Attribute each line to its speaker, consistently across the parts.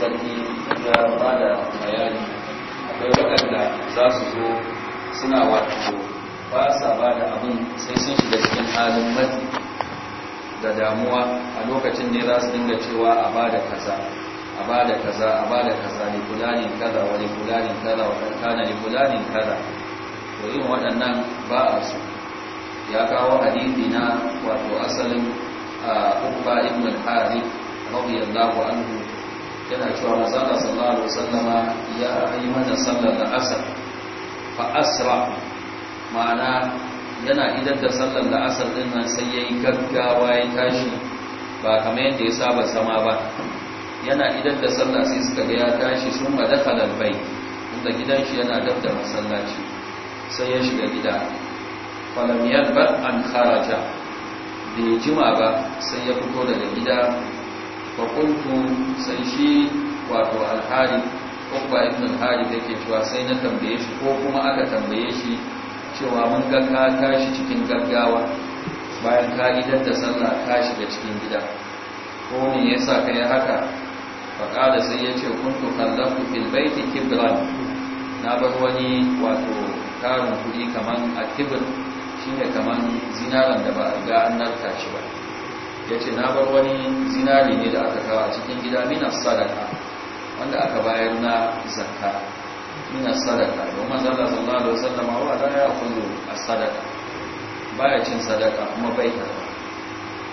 Speaker 1: sarki ya bada bayani akwai waɗanda za su zo suna wato ba sa ba da abin sai sun shiga cikin halin mati da damuwa a lokacin ne za su dinga cewa a ba da kaza a ba da kaza a ba da kaza ne ne kaza wa ne kulanin kaza wa kankana ne ne kaza to yin waɗannan ba a su ya kawo hadithi na wato asalin a ukba ibn al-harith radiyallahu anhu yana cewa mazala sallallahu alaihi wasallama ya yi mana sallar da asar fa asra ma'ana yana idan da sallar da asar din nan sai yayi gaggawa ya tashi ba kamar yadda ya saba zama ba yana idan da sallar sai suka ga ya tashi sun ma dakhala bai inda gidan shi yana dab da masallaci sai ya shiga gida falam yalba an kharaja bai jima ba sai ya fito daga gida fa kuntum sai shi wato al-hari ukba ibn al-hari yake cewa sai na tambaye shi ko kuma aka tambaye shi cewa mun ga ka tashi cikin gaggawa bayan ka idar da sallah tashi da cikin gida ko ne yasa kai haka fa sai yace kuntu kallaftu fil baiti kibran na bar wani wato karin kuɗi kaman akibir shine kaman zinaran da ba a ga an narka shi ba ya ce na bar wani zinari ne da aka kawo a cikin gida mina sadaka wanda aka bayar na zakka mina sadaka domin zalla da alaihi wasallam wa ya yaqulu a sadaka. baya cin sadaka kuma bai karba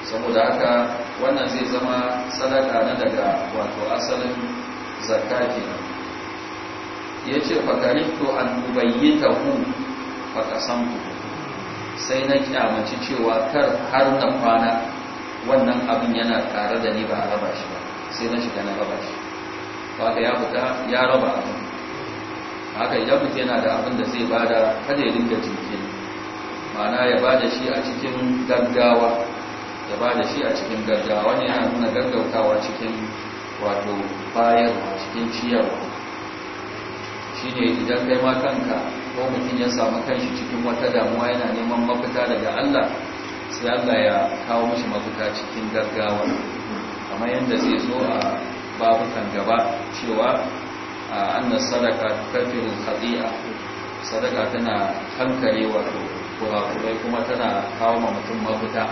Speaker 1: saboda haka wannan zai zama sadaka na daga wato asalin zakka kenan yace to an hu faqasamtu sai na kyamaci cewa kar har na kwana wannan abin yana tare da ni ba a raba shi ba sai na shiga na raba shi ba ya fita ya raba abin haka idan mutum yana da abin da zai bada kada ya dinga jinkiri ma'ana ya bada shi a cikin gaggawa ya bada shi a cikin gaggawa ne yana nuna gaggautawa cikin wato bayarwa cikin ciyarwa Shi ne idan kai ma kanka ko mutum ya samu kanshi cikin wata damuwa yana neman mafita daga Allah sai Allah ya kawo mashi mafita cikin gaggawa kamar yadda zai zo a babukan gaba cewa annas sadaka kafin khati'a sadaka tana hankali wato kurakurai kuma tana kawo ma mutum mafita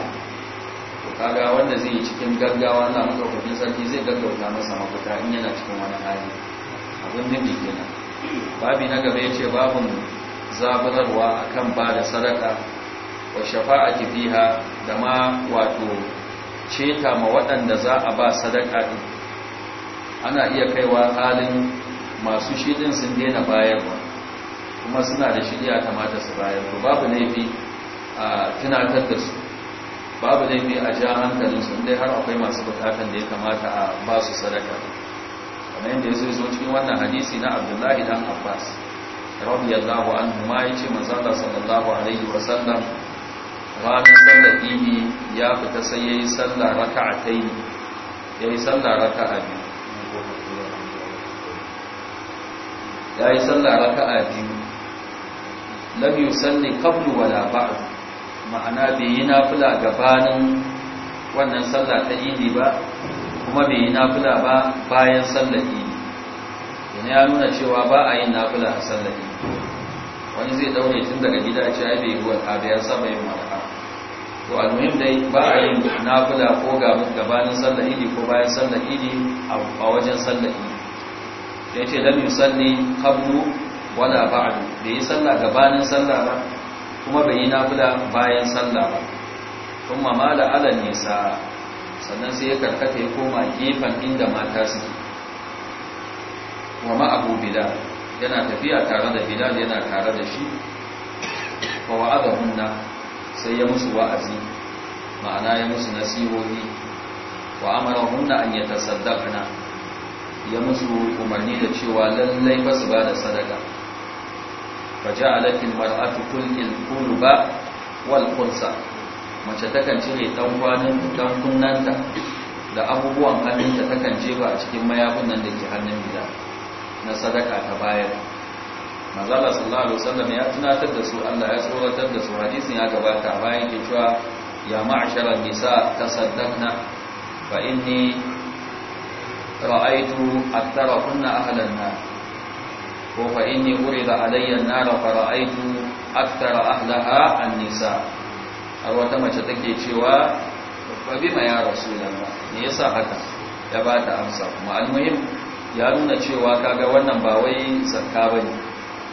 Speaker 1: kaga wanda zai yi cikin gaggawa na madaukakin sarki zai gaggauta masa mafita in yana cikin wani hali abin nufi kenan babi na gaba ya ce babin zaburarwa akan ba da sadaka wa shafa'ati fiha da ma wato ceta ma waɗanda za a ba sadaka din ana iya kaiwa halin masu shidin sun daina bayarwa kuma suna da shirya kamata su bayar to babu laifi a tunatar da su babu laifi a ja su dai har akwai masu bukatan da ya kamata a ba su sadaka kamar yadda ya zo cikin wannan hadisi na abdullahi dan abbas radiyallahu anhu ma yace manzo Allah sallallahu alaihi wasallam ranar sallar idi ya fita sai ya yi sallar raka a ta yi ya yi sallar raka a biyu ya yi sallar raka a biyu lam sannin kaflu wala ba'd ma'ana bai yi nafula gabanin wannan sallar ta idi ba kuma bai yi nafula ba bayan sallar idi yana ya nuna cewa ba a yin nafula a sallar idi wani zai daure tun daga gida ce yi bai yi wa biyar sama yin mara to almuhim dai ba a yin nafila ko gabanin sallar idi ko bayan sallar idi a wajen sallar idi ya ce lam salli wala a bai yi salla gabanin salla ba kuma bai yi nafila bayan salla ba kuma mala ala nisa sannan sai ya karkata ya koma gefen inda mata su Kuma abu bilal yana tafiya tare da bilal yana tare da shi fa wa'adahunna sai ya musu wa'azi ma'ana ya musu nasihohi wa hunna an tasaddafina ya musu umarni da cewa lallai ba su ba da sadaka faja'alatil mar'atu tulqil quluba wal qunsa mace takan cire ɗan kwanin da abubuwan hannunta takan jefa a cikin mayafin nan da ke hannun gida na sadaka ta bayar manzala sallallahu alaihi wasallam ya tunatar da su Allah ya tsoratar da su hadisin ya gabata bayan ke cewa ya ma'shara nisa tasaddaqna fa inni ra'aytu kunna ahlan na. ko fa inni urida alayya an-nar fa ra'aytu aktara ahlaha an-nisa har wata mace take cewa fa bima ya rasulullah me yasa haka ya bata amsa kuma al-muhim ya nuna cewa kaga wannan ba wai zakka bane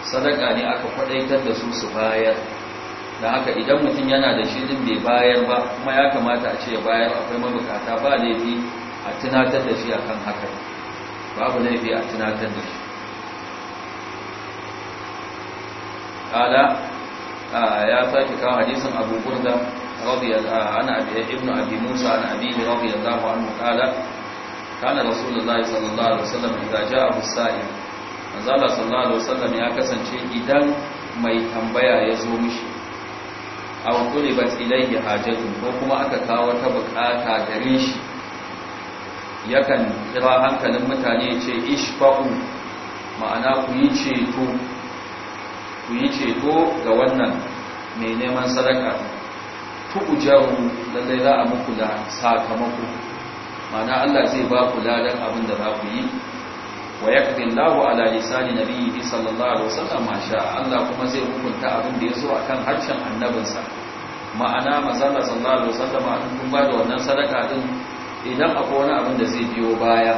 Speaker 1: sadaka ne aka kwadaitar da su su bayar da haka idan mutum yana da shi din bai bayar ba kuma ya kamata a ce ya bayar akwai mabukata ba laifi a tunatar da shi akan haka babu laifi a tunatar da shi kala ya sake kawo hadisin abu burda ana ibn abi musa ana abi radiyallahu anhu kala kana rasulullahi sallallahu alaihi wasallam idza ja'a bis-sa'il manzala sallallahu alaihi wasallam ya kasance idan mai tambaya ya zo mishi aw tulibat ilayhi hajatun ko kuma aka kawo wata bukata gare shi yakan kira hankalin mutane ce ishfa'u ma'ana ku yi ceto ku yi ceto ga wannan mai neman sadaka tu'jaru lallai za a muku da sakamako ma'ana Allah zai ba ku ladan abin da za ku yi wa kafin lahu ala lisani nabiyhi sallallahu alaihi wasallam masha Allah kuma zai hukunta abin da a akan harshen annabinsa ma'ana mazalla sallallahu alaihi wasallam a cikin ba da wannan sadaka din idan akwai wani abin da zai biyo baya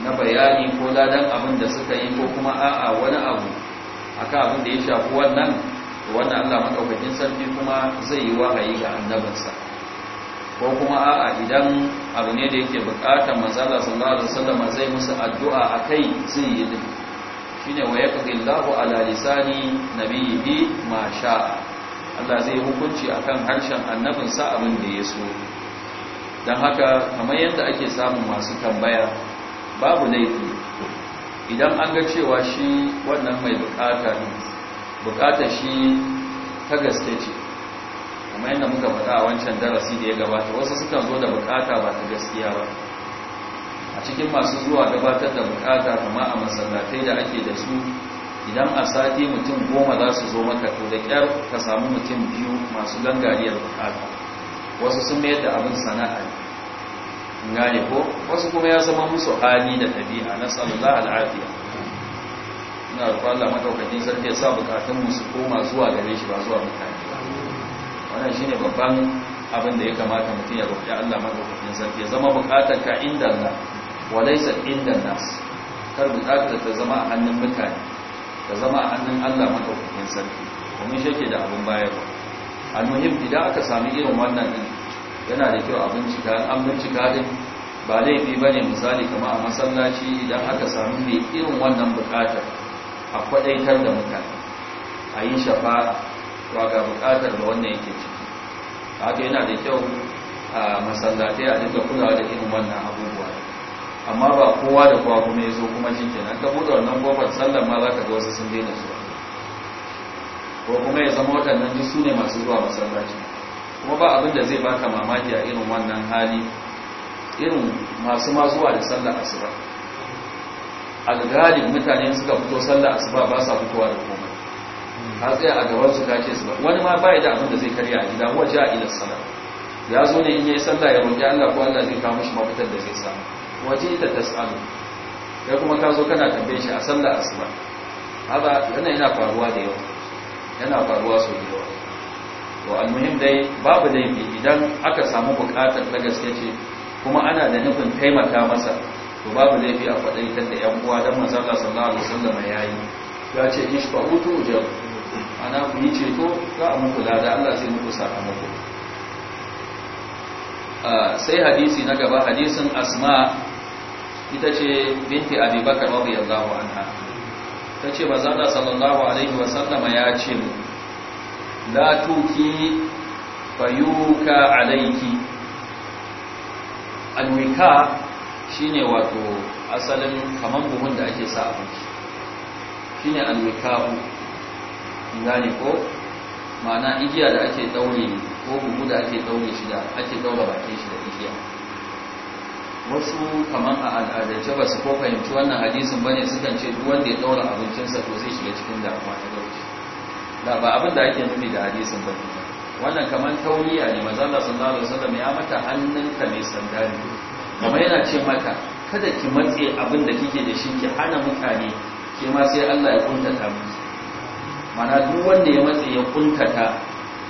Speaker 1: na bayani ko ladan abin da suka yi ko kuma a'a wani abu akan abin da ya shafi wannan wannan Allah madaukakin sarki kuma zai yi wahayi ga annabinsa ko kuma a'a idan abu ne da yake bukatar manzala sallallahu alaihi wasallam zai musu addu'a a kai zai yi din ne wa yaqdillahu na biyu bi ma sha'a Allah zai hukunci a kan harshen annabin sa abin da ya so Don haka kamar yadda ake samun masu tambaya babu laifi idan an ga cewa shi wannan mai bukata bukatar shi ta gaske ce kuma yadda muka faɗa a wancan darasi da ya gabata wasu sukan zo da bukata ba ta gaskiya ba a cikin masu zuwa gabatar da bukata kama a masallatai da ake da su idan a sati mutum goma za su zo maka to da kyar ka samu mutum biyu masu gangariyar bukata wasu sun mayar da abin sana'a gane ko wasu kuma ya zama musu hali da ɗabi'a na sallallahu sallam ina rufa Allah madaukakin sarki ya sa bukatun musu koma zuwa gare shi ba zuwa mutane wannan shine babban abin da ya kamata mutum ya roƙi Allah madaukakin sarki ya zama bukatar ka inda na wa laysa inda nas kar bukatar ta zama a hannun mutane ta zama a hannun Allah madaukakin sarki kuma shi yake da abin bayarwa almuhim idan aka sami irin wannan din yana da kyau a bincika an bincika din ba laifi ba ne misali kama a masallaci idan aka sami mai irin wannan bukatar a kwadaitar da mutane a yi shafa'a cewa ga bukatar da wannan yake ciki haka yana da kyau a masallatai a dinga kulawa da irin wannan abubuwa amma ba kowa da kowa kuma ya zo kuma shi kenan ka buɗe wannan kofar sallar ma za ka ga wasu sun daina zuwa ko kuma ya zama waɗannan duk su ne masu zuwa masallaci kuma ba abin da zai baka mamaki a irin wannan hali irin masu ma zuwa da sallar asuba ga mutane suka fito sallar asuba ba sa fitowa da komai har tsaya a gaban su kake su wani ma bai da abin da zai karya a gida waje a ila sana ya zo ne in yayi sallah ya roki Allah ko Allah zai kawo shi mafitar da zai samu wajen ita ta tsanu ya kuma ka zo kana tambaye shi a sallah asuba haka yana yana faruwa da yawa yana faruwa sau da yawa to almuhim dai babu laifi idan aka samu bukatar na gaske ce kuma ana da nufin taimaka masa to babu laifi a faɗaitar da yan uwa dan manzon Allah sallallahu alaihi wasallam yayi ya ce ishfa hutu jabu ana ku yi ceto za a muku lada Allah zai muku sakamako sai hadisi na gaba hadisin asma ita ce binti abubakar radiyallahu anha ta ce ba mazana sallallahu alaihi wasallama ya ce mu Latuki tuki fayuka alaiki alwika shine wato asalin kamar buhun da ake sa abinci shine alwika ne ko ma'ana igiya da ake daure ko gugu da ake daure shi da ake daura bakin shi da igiya wasu kaman a al'adance ba su ko fahimci wannan hadisin bane sukan ce duk wanda ya daura abincinsa to zai shiga cikin damuwa ta dauki da ba abin da ake nufi da hadisin ba wannan kaman tauriya ne manzo Allah sallallahu da wasallam ya mata hannunka mai sanda ne kamar yana ce mata kada ki matse abin da kike da shi ki hana mutane ke ma sai Allah ya kuntata miki mana duk wanda ya matse ya kuntata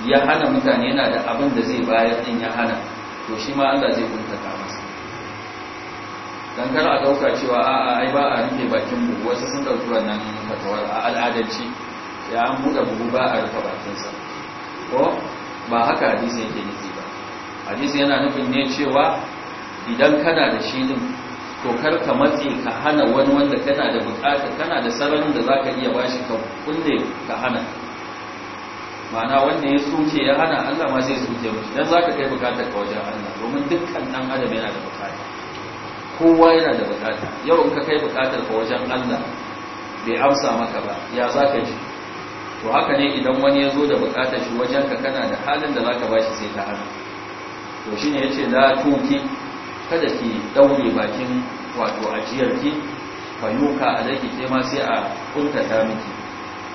Speaker 1: ya hana mutane yana da abin da zai bayar din ya hana to shi ma Allah zai kuntata masa dan kar a dauka cewa a a ai ba a rufe bakin mu wasu sun dauki wannan fatawa a al'adanci ya an buɗe buhu ba a rufe bakin sa ko ba haka hadisi yake nufi ba hadisi yana nufin ne cewa idan kana da shi din to kar ka matse ka hana wani wanda kana da bukata kana da sararin da zaka iya bashi ka kunne ka hana ma'ana wanda ya soke ya hana Allah ma zai soke mishi dan zaka kai bukatar ka wajen Allah domin dukkan dan adam yana da bukata kowa yana da bukata yau in ka kai bukatar ka wajen Allah bai amsa maka ba ya zaka ji to haka ne idan wani ya zo da bukatar shi wajen ka kana da halin da zaka bashi sai ka hana to shine yace la tuki kada ki daure bakin wato ajiyar ki fayuka alaiki ke ma sai a kuntata miki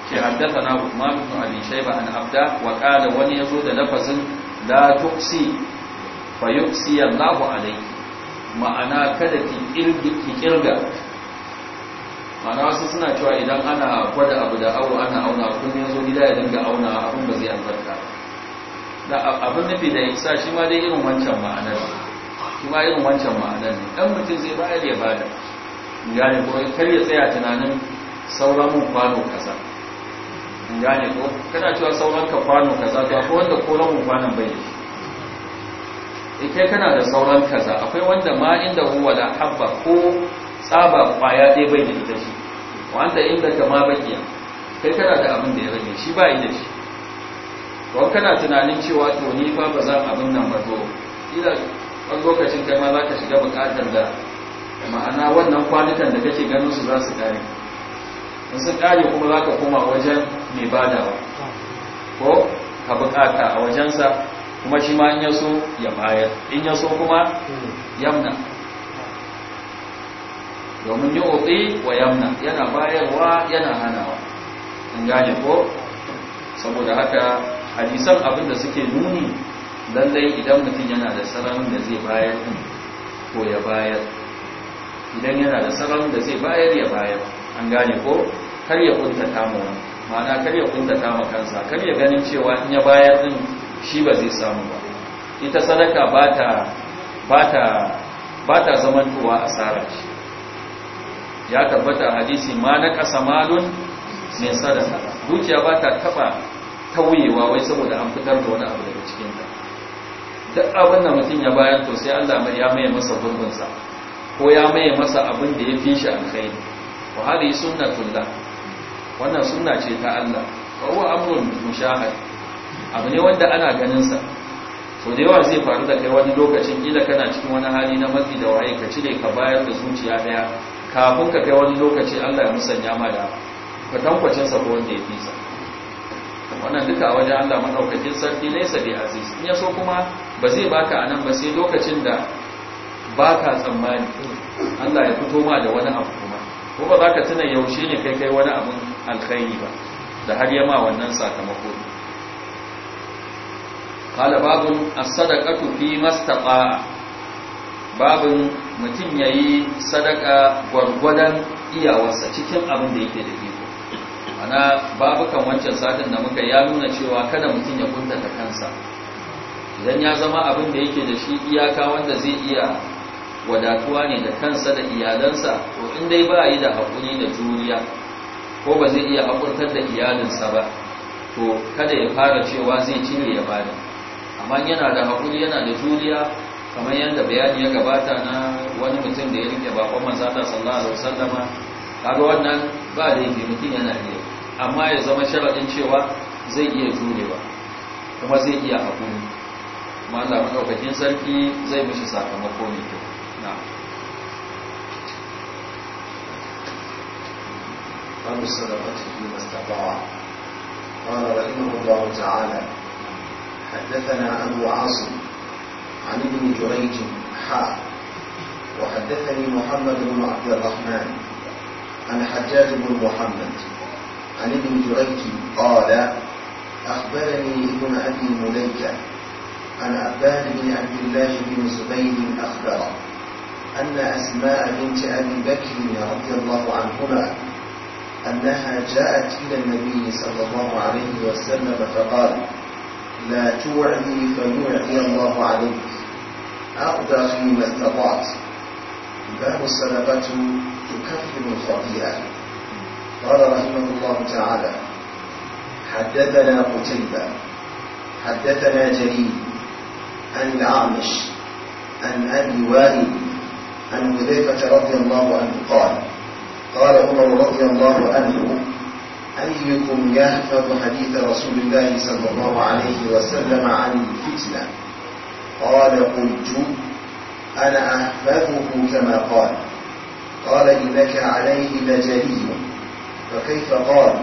Speaker 1: ke haddasa na Uthman ibn Abi Shayba an abda wa qala wani yazo da lafazin la tuksi fayuksi Allahu alaiki ma'ana kada ki kirga ma'ana wasu suna cewa idan ana gwada abu da awo ana auna kullum yazo gida ya dinga auna abin ba zai albarka da abin nufi da isa shi ma dai irin wancan ma'anar shi ma irin wancan ma'anar ne dan mutum zai bayar ya bada in gane ko kar ya tsaya tunanin sauran mun kwano kaza in gane ko kana cewa sauran ka kwano kaza to akwai wanda ko ramun kwanan bai eh, kai kana da sauran kaza akwai wanda ma inda huwa la habba ko tsaba kwaya dai bai da shi wanda inda ma bakiya kai kana da abin da ya rage shi ba yi da shi to kana tunanin cewa to ni fa ba za abin nan ba to ila wani lokacin kai ma za ka shiga bukatar da ma'ana wannan kwanukan da kake ganin su za su kare in sun kare kuma za ka koma wajen mai badawa ko ka bukata a wajensa kuma shi ma in yaso ya bayar in yaso kuma yamna domin yi obi wa yamna yana bayarwa yana hanawa in gane ko saboda haka hadisan abinda suke nuni lallai idan mutum yana da sararin da zai bayar din ko ya bayar idan yana da sararin da zai bayar ya bayar an gane ko kar ya kunta mu ma'ana kar ya kunta ma kansa kar ya ganin cewa in ya bayar din shi ba zai samu ba ita sadaka ba ta ba ta ba ta zamantowa asara ce ya tabbata hadisi ma na kasa malun mai sadaka dukiya ba ta taba tauyewa wai saboda an fitar da wani abu daga cikin cikinta duk abin da mutum ya bayar to sai Allah ya maye masa gurbinsa ko ya maye masa abin da ya fi shi alkhairi wa hadi sunnatullah wannan sunna ce ta Allah wa huwa amrun mushahad abu ne wanda ana ganin sa so da yawa zai faru da kai wani lokacin kila kana cikin wani hali na matsi da waye ka cire ka bayar da zuciya daya kafin ka kai wani lokaci Allah ya musanya ma da kwatankwacin sa ko wanda ya fi sa wannan duka wajen Allah madaukakin sarki nesa bi aziz in ya so kuma ba zai baka a nan ba sai lokacin da ba ka tsammani Allah ya fito ma da wani abu kuma ko ba za ka tuna yaushe ne kai kai wani abin alkhairi ba da har yama wannan sakamako kala babun as-sadaqatu fi mastaqa babun mutum yayi sadaka gwargwadon iyawarsa cikin abin da yake da iko ana babukan wancan satin da muka ya nuna cewa kada mutum ya kuntata kansa idan ya zama abin da yake da shi iyaka wanda zai iya wadatuwa ne da kansa da iyalansa to in dai ba yi da haƙuri da juriya ko ba zai iya haƙurtar da iyalinsa ba to kada ya fara cewa zai cire ya bada amma yana da haƙuri yana da juriya kamar yadda bayani ya gabata na wani mutum da ya rike bakon manzata sallallahu alaihi wasallama kaga wannan ba da yake mutum yana iya amma ya zama sharaɗin cewa zai iya jurewa kuma zai iya haƙuri kuma Allah madaukakin sarki zai mishi sakamako mai kyau na
Speaker 2: babu sadaqati fi mastata'a قال رحمه الله تعالى حدثنا أبو عاصم عن ابن جريج حاء وحدثني محمد بن عبد الرحمن عن حجاج بن محمد عن ابن جريج قال أخبرني ابن أبي مليكة عن عباد بن عبد الله بن زبيد أخبره أن أسماء بنت أبي بكر رضي الله عنهما أنها جاءت إلى النبي صلى الله عليه وسلم فقال لا توعدي فيوعدي الله عليك أقدر فيما استطعت باب الصدقة تكفر الخطيئة قال رحمه الله تعالى حدثنا قتيبة حدثنا جليل عن الأعمش عن أبي وائل عن حذيفة رضي الله عنه قال قال عمر رضي الله عنه أيكم يحفظ حديث رسول الله صلى الله عليه وسلم عن الفتنة قال قلت أنا أحفظه كما قال قال إنك عليه لجلي فكيف قال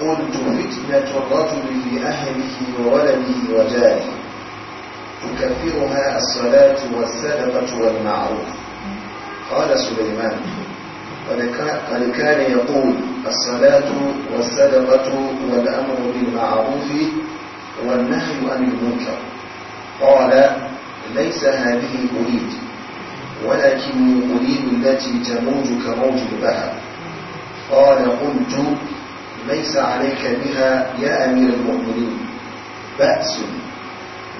Speaker 2: قلت فتنة الرجل في أهله وولده وجاره يكفرها الصلاة والصدقة والمعروف قال سليمان قد كان يقول الصلاة والصدقة والأمر بالمعروف والنهي عن المنكر قال ليس هذه أريد ولكني أريد التي تموج كموج البحر قال قلت ليس عليك بها يا أمير المؤمنين بأس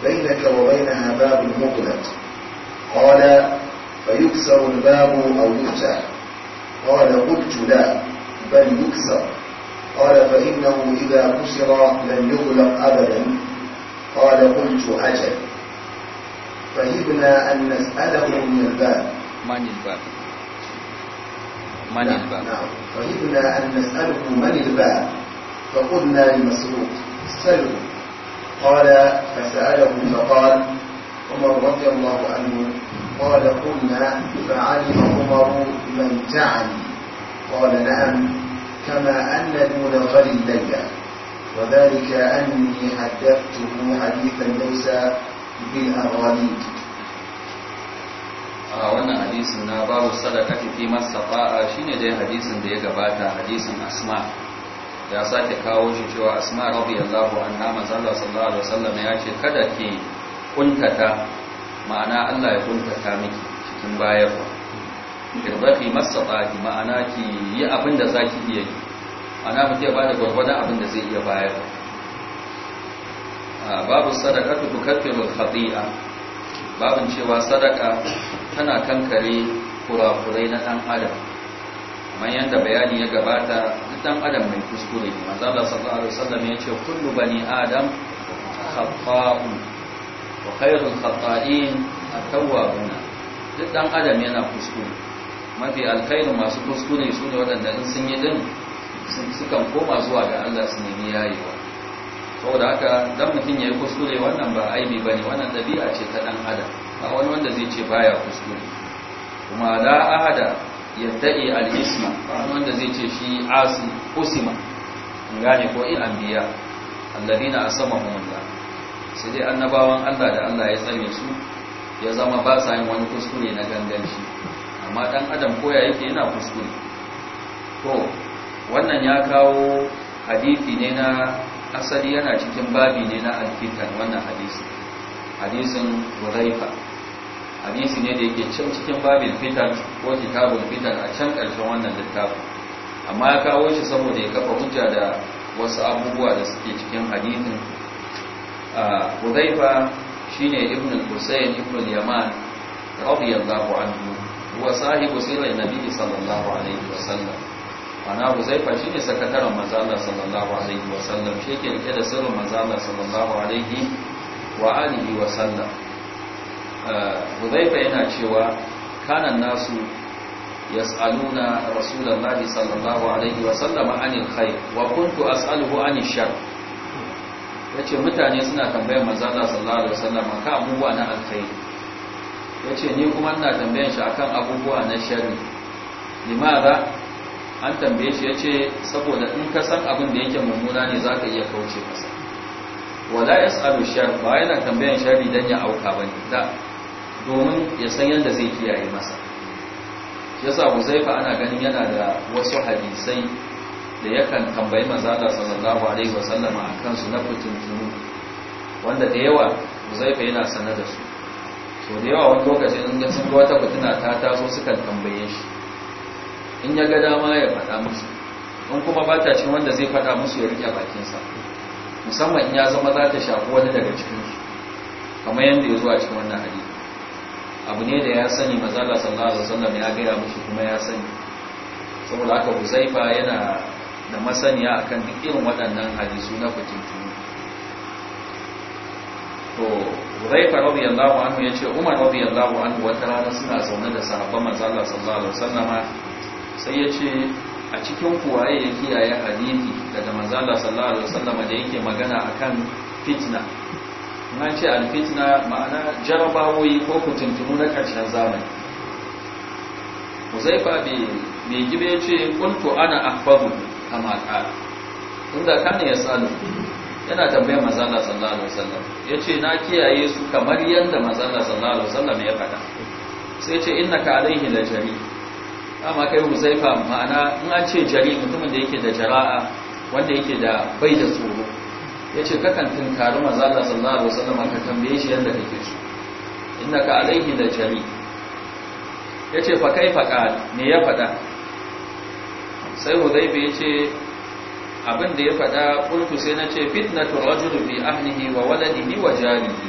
Speaker 2: بينك وبينها باب مغلق قال فيكسر الباب أو يفتح قال قلت لا بل يكسر قال فإنه إذا كسر لن يغلق أبدا قال قلت أجل فهبنا أن نسأله من الباب من الباب من نعم، الباب نعم فهبنا أن نسأله من الباب فقلنا لمسروق سلوا قال فسأله فقال عمر رضي الله عنه قال قلنا فعلم عمر من جعل قال نعم كما أن دون غل الليلة وذلك أني حدثته حديثا ليس بالأغاليب a wannan hadisin na babu sadakati fi
Speaker 1: masa fa'a shine dai hadisin da ya gabata hadisin asma ya sake kawo shi cewa asma allahu anha manzala sallallahu alaihi wasallam ya ce kada ki kuntata ma'ana Allah ya kuntata miki cikin bayarwa irbati ki ma'ana ki yi abin da zaki iya yi ana muke ba da gwargwadon abin da zai iya bayarwa babu sadaqatu tukaffiru al-khati'a babin cewa sadaka tana kankare kurakurai na dan adam kamar yadda bayani ya gabata dan adam mai kuskure manzo Allah sallallahu alaihi wasallam ya ce kullu bani adam khata'u wa khairul khata'in at-tawwabun duk dan adam yana kuskure mafi alkhairu masu kuskure su ne waɗanda in sun yi din sukan koma zuwa ga Allah su nemi yayewa saboda haka dan mutum yayi kuskure wannan ba aibi bane wannan dabi'a ce ta dan adam ba wani wanda zai ce baya kuskure kuma la ahada yadda'i al-isma wanda zai ce shi Asi usima gane ko in anbiya alladina asamahum Allah sai dai annabawan Allah da Allah ya tsare su ya zama ba sa yin wani kuskure na ganganci amma dan adam koya yake yana kuskure to wannan ya kawo hadisi ne na asali yana cikin babi ne na alfitan wannan hadisi hadisin Hudhaifa hadisi ne da yake cin cikin babin fitan ko kitabun fitan a can ƙarshen wannan littafin amma ya kawo shi saboda ya kafa hujja da wasu abubuwa da suke cikin hadisin Hudhaifa shine Ibn al-Husayn Ibn al-Yaman radiyallahu anhu huwa sahibu sirri Nabi sallallahu alaihi wasallam ana Hudhaifa shine sakataren manzo Allah sallallahu alaihi wasallam shi ke da sirrin manzo Allah sallallahu alaihi wa alihi wasallam huzaifa yana cewa kanan nasu yas'aluna rasulullahi sallallahu alaihi wa sallama anil khair wa kuntu as'aluhu anil shar yace mutane suna tambayar manzo Allah sallallahu alaihi wasallam akan abubuwa na alkhair yace ni kuma ina tambayar shi akan abubuwa na sharri limaza an tambaye shi yace saboda in ka san abin da yake mummuna ne zaka iya kauce masa wala yasalu shar ba yana tambayan shari dan ya auka bane da domin ya san yadda zai kiyaye masa Ya yasa huzaifa ana ganin yana da wasu hadisai da yakan tambayi mazala sallallahu alaihi wasallama a kansu na fitintunu wanda da yawa huzaifa yana sane da su so da yawa wani lokacin in ga sun wata fitina ta taso sukan tambaye shi in ya ga dama ya faɗa musu in kuma ba ta cikin wanda zai faɗa musu ya rike bakinsa musamman in ya zama za ta shafi wani daga cikinsu kamar yadda ya zuwa cikin wannan hadisi abu ne da ya sani mazala sallallahu alaihi wasallam ya gaya mushi kuma ya sani saboda haka huzaifa yana da masaniya akan duk irin waɗannan hadisu na fitintunu to huzaifa radiyallahu anhu yace umar radiyallahu anhu wata rana suna zaune da sahabban mazala sallallahu alaihi wasallam sai yace a cikin kuwaye ya kiyaye hadisi daga mazala sallallahu alaihi wasallam da yake magana akan fitna na ce alfitna ma'ana jarabawoyi ko kutuntunu na karshen zamani huzaifa mai gibe ya ce kuntu ana ahbabu a maka inda kane ya tsalu yana tambayar mazala sallallahu alaihi wasallam ya ce na kiyaye su kamar yadda mazala sallallahu alaihi wasallam ya faɗa sai ce ka alaihi la jari amma kai huzaifa ma'ana in an ce jari mutumin da yake da jara'a wanda yake da bai da tsoro yace kakan tinkari karu Allah sallallahu alaihi wasallam ka tambaye shi yanda kake so innaka alaihi da ya yace fa kai faqa ne ya fada sai hudaybi ce abin da ya fada kuntu sai nace fitnatu rajul bi ahlihi wa waladihi wa jarihi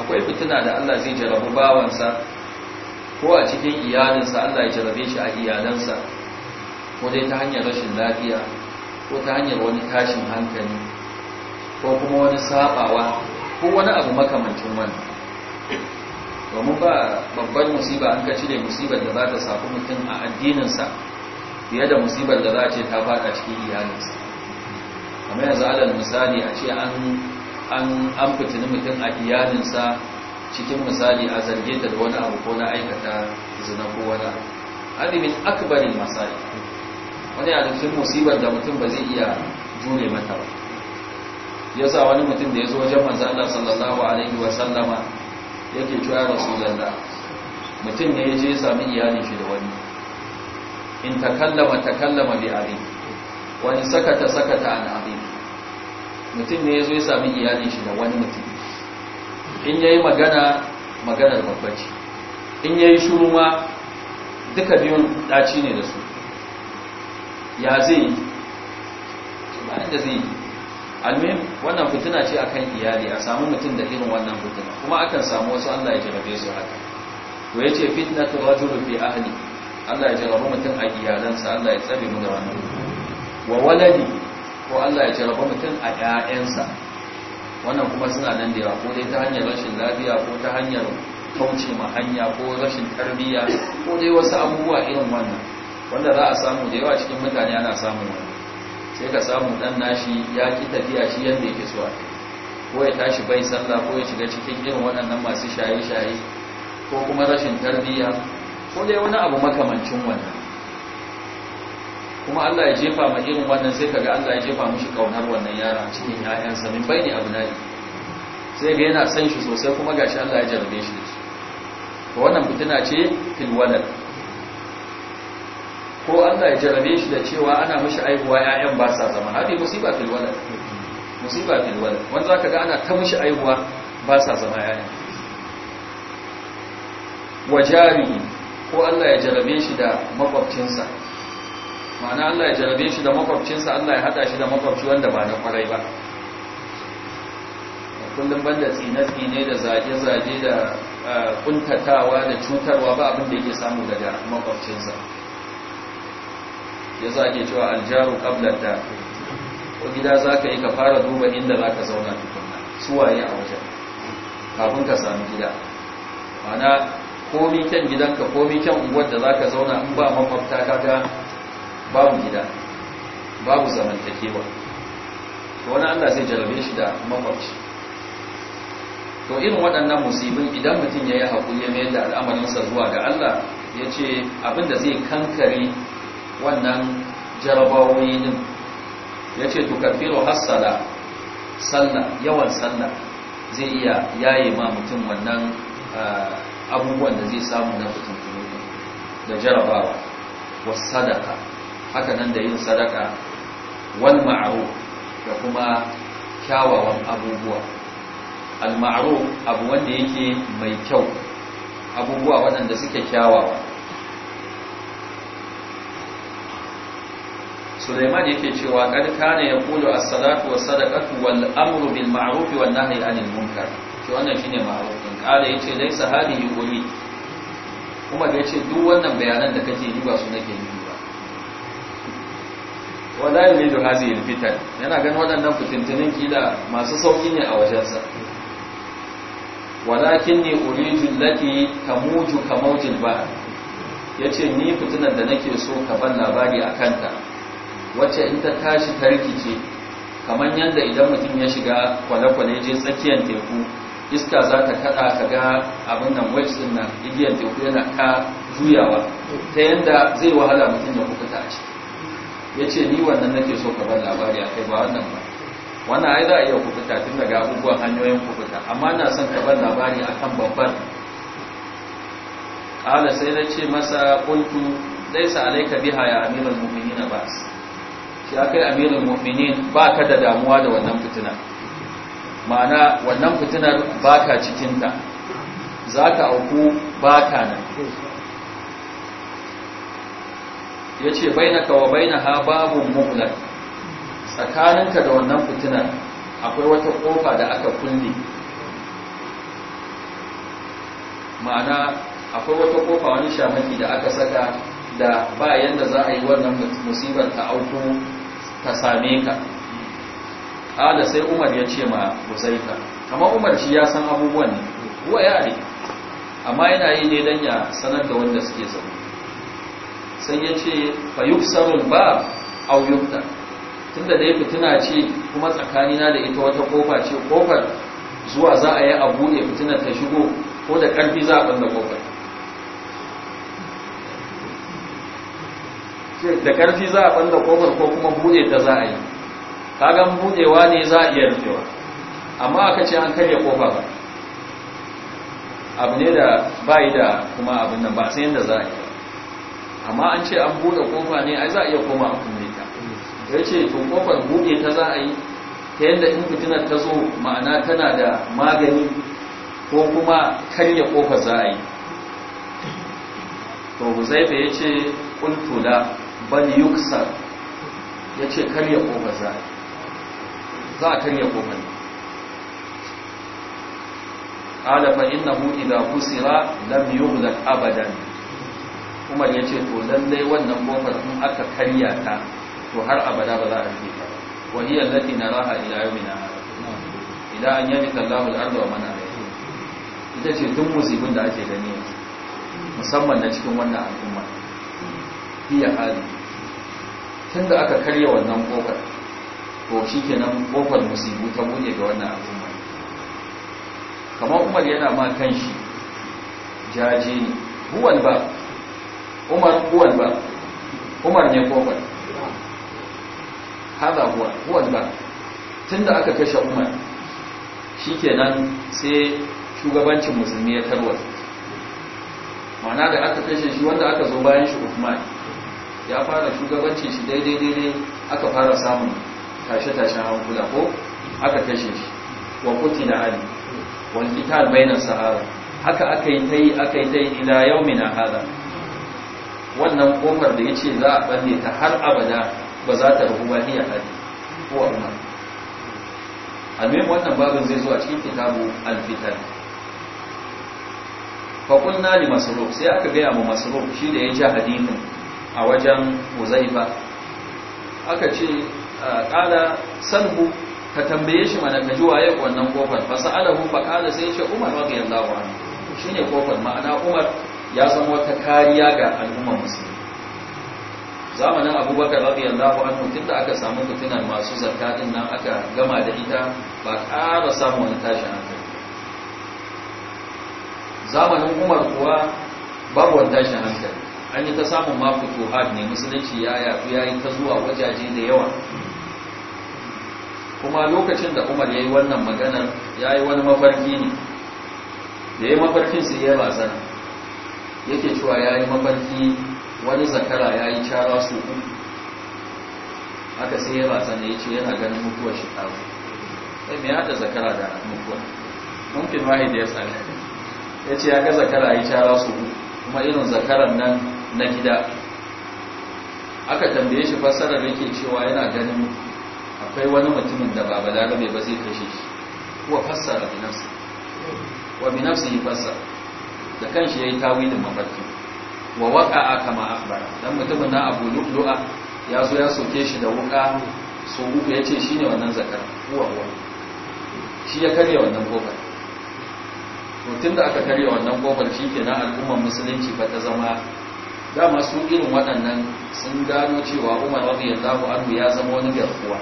Speaker 1: akwai fitina da Allah zai jarabu bawansa ko a cikin iyalinsa Allah ya jarabe shi a iyalansa ko dai ta hanyar rashin lafiya ko ta hanyar wani tashin hankali ko kuma wani sabawa ko wani abu makamancin wani domin ba babbar musiba an ka cire musibar da za ta saku mutum a addininsa fiye da musibar da za a ce ta faɗa cikin iyalinsa kamar yanzu alal misali a ce an fitini mutum a iyalinsa cikin misali a zarge ta da wani abu ko na aikata zina ko wani adimin akbarin masali wani a cikin musibar da mutum ba zai iya jure mata ba sa wani mutum da ya zo wajen manzo Allah sallallahu alaihi wa sallama yake cewa rasulullah mutum ne ya je sami iyali shi da wani in takallama takallama bi abi wani sakata sakata an abi mutum ne ya zo ya sami iyali shi da wani mutum in yayi magana maganar babbaci in yayi shuru ma duka biyun daci ne da su ya zai yi bayan da zai yi almin wannan fitina ce akan iyali a samu mutum da irin wannan fitina kuma akan samu wasu Allah ya jarabe su haka to yace fitnatu rajul fi ahli Allah ya jarabe mutum a iyalansa Allah ya tsare mu da wannan wa waladi ko Allah ya jarabe mutum a ƴaƴansa wannan kuma suna nan da yawa ko dai ta hanyar rashin lafiya ko ta hanyar kauce ma hanya ko rashin tarbiyya ko dai wasu abubuwa irin wannan wanda za a samu da yawa cikin mutane ana samun wannan sai ka samu dan nashi ya ki tafiya shi yadda yake so ko ya tashi bai sallah ko ya shiga cikin irin waɗannan masu shaye-shaye ko kuma rashin tarbiyya ko dai wani abu makamancin wannan kuma Allah ya jefa ma irin wannan sai kaga Allah ya jefa mushi kaunar wannan yara cikin sa min abu nadi sai ga yana san shi sosai kuma gashi Allah ya jarbe shi da shi to wannan fitina ce fil walad ko Allah ya jarabe shi da cewa ana mishi aihuwa ƴaƴan ba sa zama hadi musiba fil walad musiba fil walad wanda zaka ga ana ta mishi aihuwa ba sa zama ƴaƴan wajari ko Allah ya jarabe shi da makwabcinsa ma'ana Allah ya jarabe shi da makwabcinsa Allah ya hada shi da makwabci wanda ba na kwarai ba kullum banda tsine-tsine da zage-zage da kuntatawa eh, da cutarwa ba abin da yake samu daga makwabcinsa za ake cewa aljaru qabla da ko gida za ka yi ka fara duba inda za ka zauna tukunna suwaye a wajen kafin ka samu gida mana komi kyan gidanka komi kyan unguwar da za ka zauna in ba ka kaga babu gida babu zamantakewa to wani Allah zai jarabe shi da mafafci to irin waɗannan musibin idan mutum ya yi haƙuri ya mayar da al'amarinsa zuwa ga Allah ya ce abinda zai kankare wannan jarabawoyi ne ya ce tukafiro hassada sallah yawan sallah zai iya yaye ma mutum wannan ah, abubuwan da zai samu na fitin da jarabawa wasu sadaka haka nan da yin sadaka wal ma'aru da kuma kyawawan abubuwa al ma'aru abu wanda yake mai kyau abubuwa waɗanda suke kyawawa Suleiman yake cewa kad ya yaqulu a salatu was-sadaqatu wal-amru bil-ma'ruf wan-nahyi 'anil munkar to wannan shine ma'ruf din kala yace laysa yi ummi kuma da ce duk wannan bayanan da kake yi ba su nake yi ba wala yuridu hadhihi al-fitan yana ganin waɗannan fitintunin kila masu sauki ne a wajensa walakinni uridu lati tamuju ba? ya yace ni fitinar da nake so ka ban labari a kanta. wacce in ta tashi ta rikice kamar yadda idan mutum ya shiga kwale-kwale je tsakiyar teku iska za ta kada ka ga abin nan waves din nan igiyar teku yana ka juyawa ta yadda zai wahala mutum ya kuka a ciki ya ce ni wannan nake so ka bar labari a kai ba wannan ba wannan ai za a iya kuka tun daga abubuwan hanyoyin kuka amma na son ka bar labari akan babban ƙala sai na ce masa ƙuntu laisa alaika biha ya amiral na bas ya kai amirin mu'minin ba ka da damuwa da wannan fitina ma'ana wannan fitinar ba ka cikinta za ka auku ba ka nan ya ce kawo wa ha babu mughlaq tsakaninka da wannan fitinar akwai wata kofa da aka kulle ma'ana akwai wata kofa wani shamaki da aka saka da ba yadda za a yi wannan musibar ta auku ta same ka ƙala sai umar ya ce ma huzaifa kamar umar shi ya san abubuwan ne kuwa ya amma yana yi ne don ya sanar da wanda suke zaune sai ya ce fa yuksarul ba au tun tunda dai fitina ce kuma tsakanina da ita wata kofa ce kofar zuwa za a yi abu ne fitina ta shigo ko da ƙarfi za a ɓanda kofar da ƙarfi za a banda ƙofar ko kuma buɗe ta za a yi kagan buɗewa ne za a iya rufewa amma aka ce an karya ƙofa ba abu ne da bai da kuma abin nan ba sai yadda za a yi amma an ce an buɗe ƙofa ne ai za a iya koma a kunne ta ya ce to ƙofar buɗe ta za a yi ta yadda in fitinar ta zo ma'ana tana da magani ko kuma karya ƙofar za a yi to huzaifa ya ce kuntula da bal yuksar ya ce karya ƙofar za a karya ƙofar ƙala fa innahu idza kusira lam yughlaq abadan Umar ya ce to lallai wannan ƙofar sun aka karya ta to har abada ba za a rufe ta wa hiya na raha ila mina ila an yamika Allahu al-ardha mana da ita ce tun musibin da ake gani musamman na cikin wannan al'umma fiye hali. tun da aka karya wannan kofar to shi ke nan kofar musibu ta bude ga wannan al'umma kamar umar yana ma kan shi jaje ne huwan ba umar huwan ba umar ne kofar haɗa huwan huwan ba tun da aka kashe umar shi ke nan sai shugabancin musulmi ya tarwata ma'ana da aka kashe shi wanda aka zo bayan shi Uthman ya fara shugabanci shi daidai daidai aka fara samun tashe-tashen hankula ko aka kashe shi wa na ali wa ita albainan sahara haka aka yi tai aka yi tai ila na hada wannan kofar da yace za a balle ta har abada ba za ta rubu ba iya hadi ko amma almin wannan babin zai zo a cikin kitabu alfitar. fitan kunna li masruq sai aka ga ya mu masruq shi da ya ji hadithin a wajen muzaifa aka ce ƙala ah, sanhu ka tambaye shi mana ka ji waye wannan kofar fa sa'alahu fa qala sai shi Umar radiyallahu anhu shine kofar ma'ana Umar ya san wata kariya ga al'ummar musulmi zamanin Abubakar radiyallahu anhu tunda aka samu fitinar masu zakka din nan aka gama da ita ba ƙara samu wani tashin hankali zamanin Umar kuwa babu wani tashin hankali an yi ta samun mafutuhat ne musulunci ya yafi ya yi ta zuwa wajaje da yawa kuma lokacin da umar ya yi wannan maganar ya yi wani mafarki ne da ya yi mafarkin su ya razana yake cewa ya yi mafarki wani zakara ya yi cara su ku? aka sai ya razana ya ce yana ganin mutuwar shi ta sai mai haɗa zakara da mutuwa mumkin mahi da ya ya ce ya ga zakara ya yi cara su ku, kuma irin zakaran nan na gida aka tambaye shi fassarar yake cewa yana ganin akwai wani mutumin da ba balagabe ba zai kashe shi kuwa fassara bi nafsi wa bi nafsi yi fassara da kanshi yayi tawilin mafarki wa waqa'a kama akhbara dan mutumin na Abu lu'a ya zo ya soke shi da wuka so uku yace shine wannan zakar kuwa kuwa shi ya karya wannan kofar to tunda aka karya wannan kofar kenan al'ummar musulunci ba ta zama dama su irin waɗannan sun gano cewa umar zafi annu ya zama wani garkuwa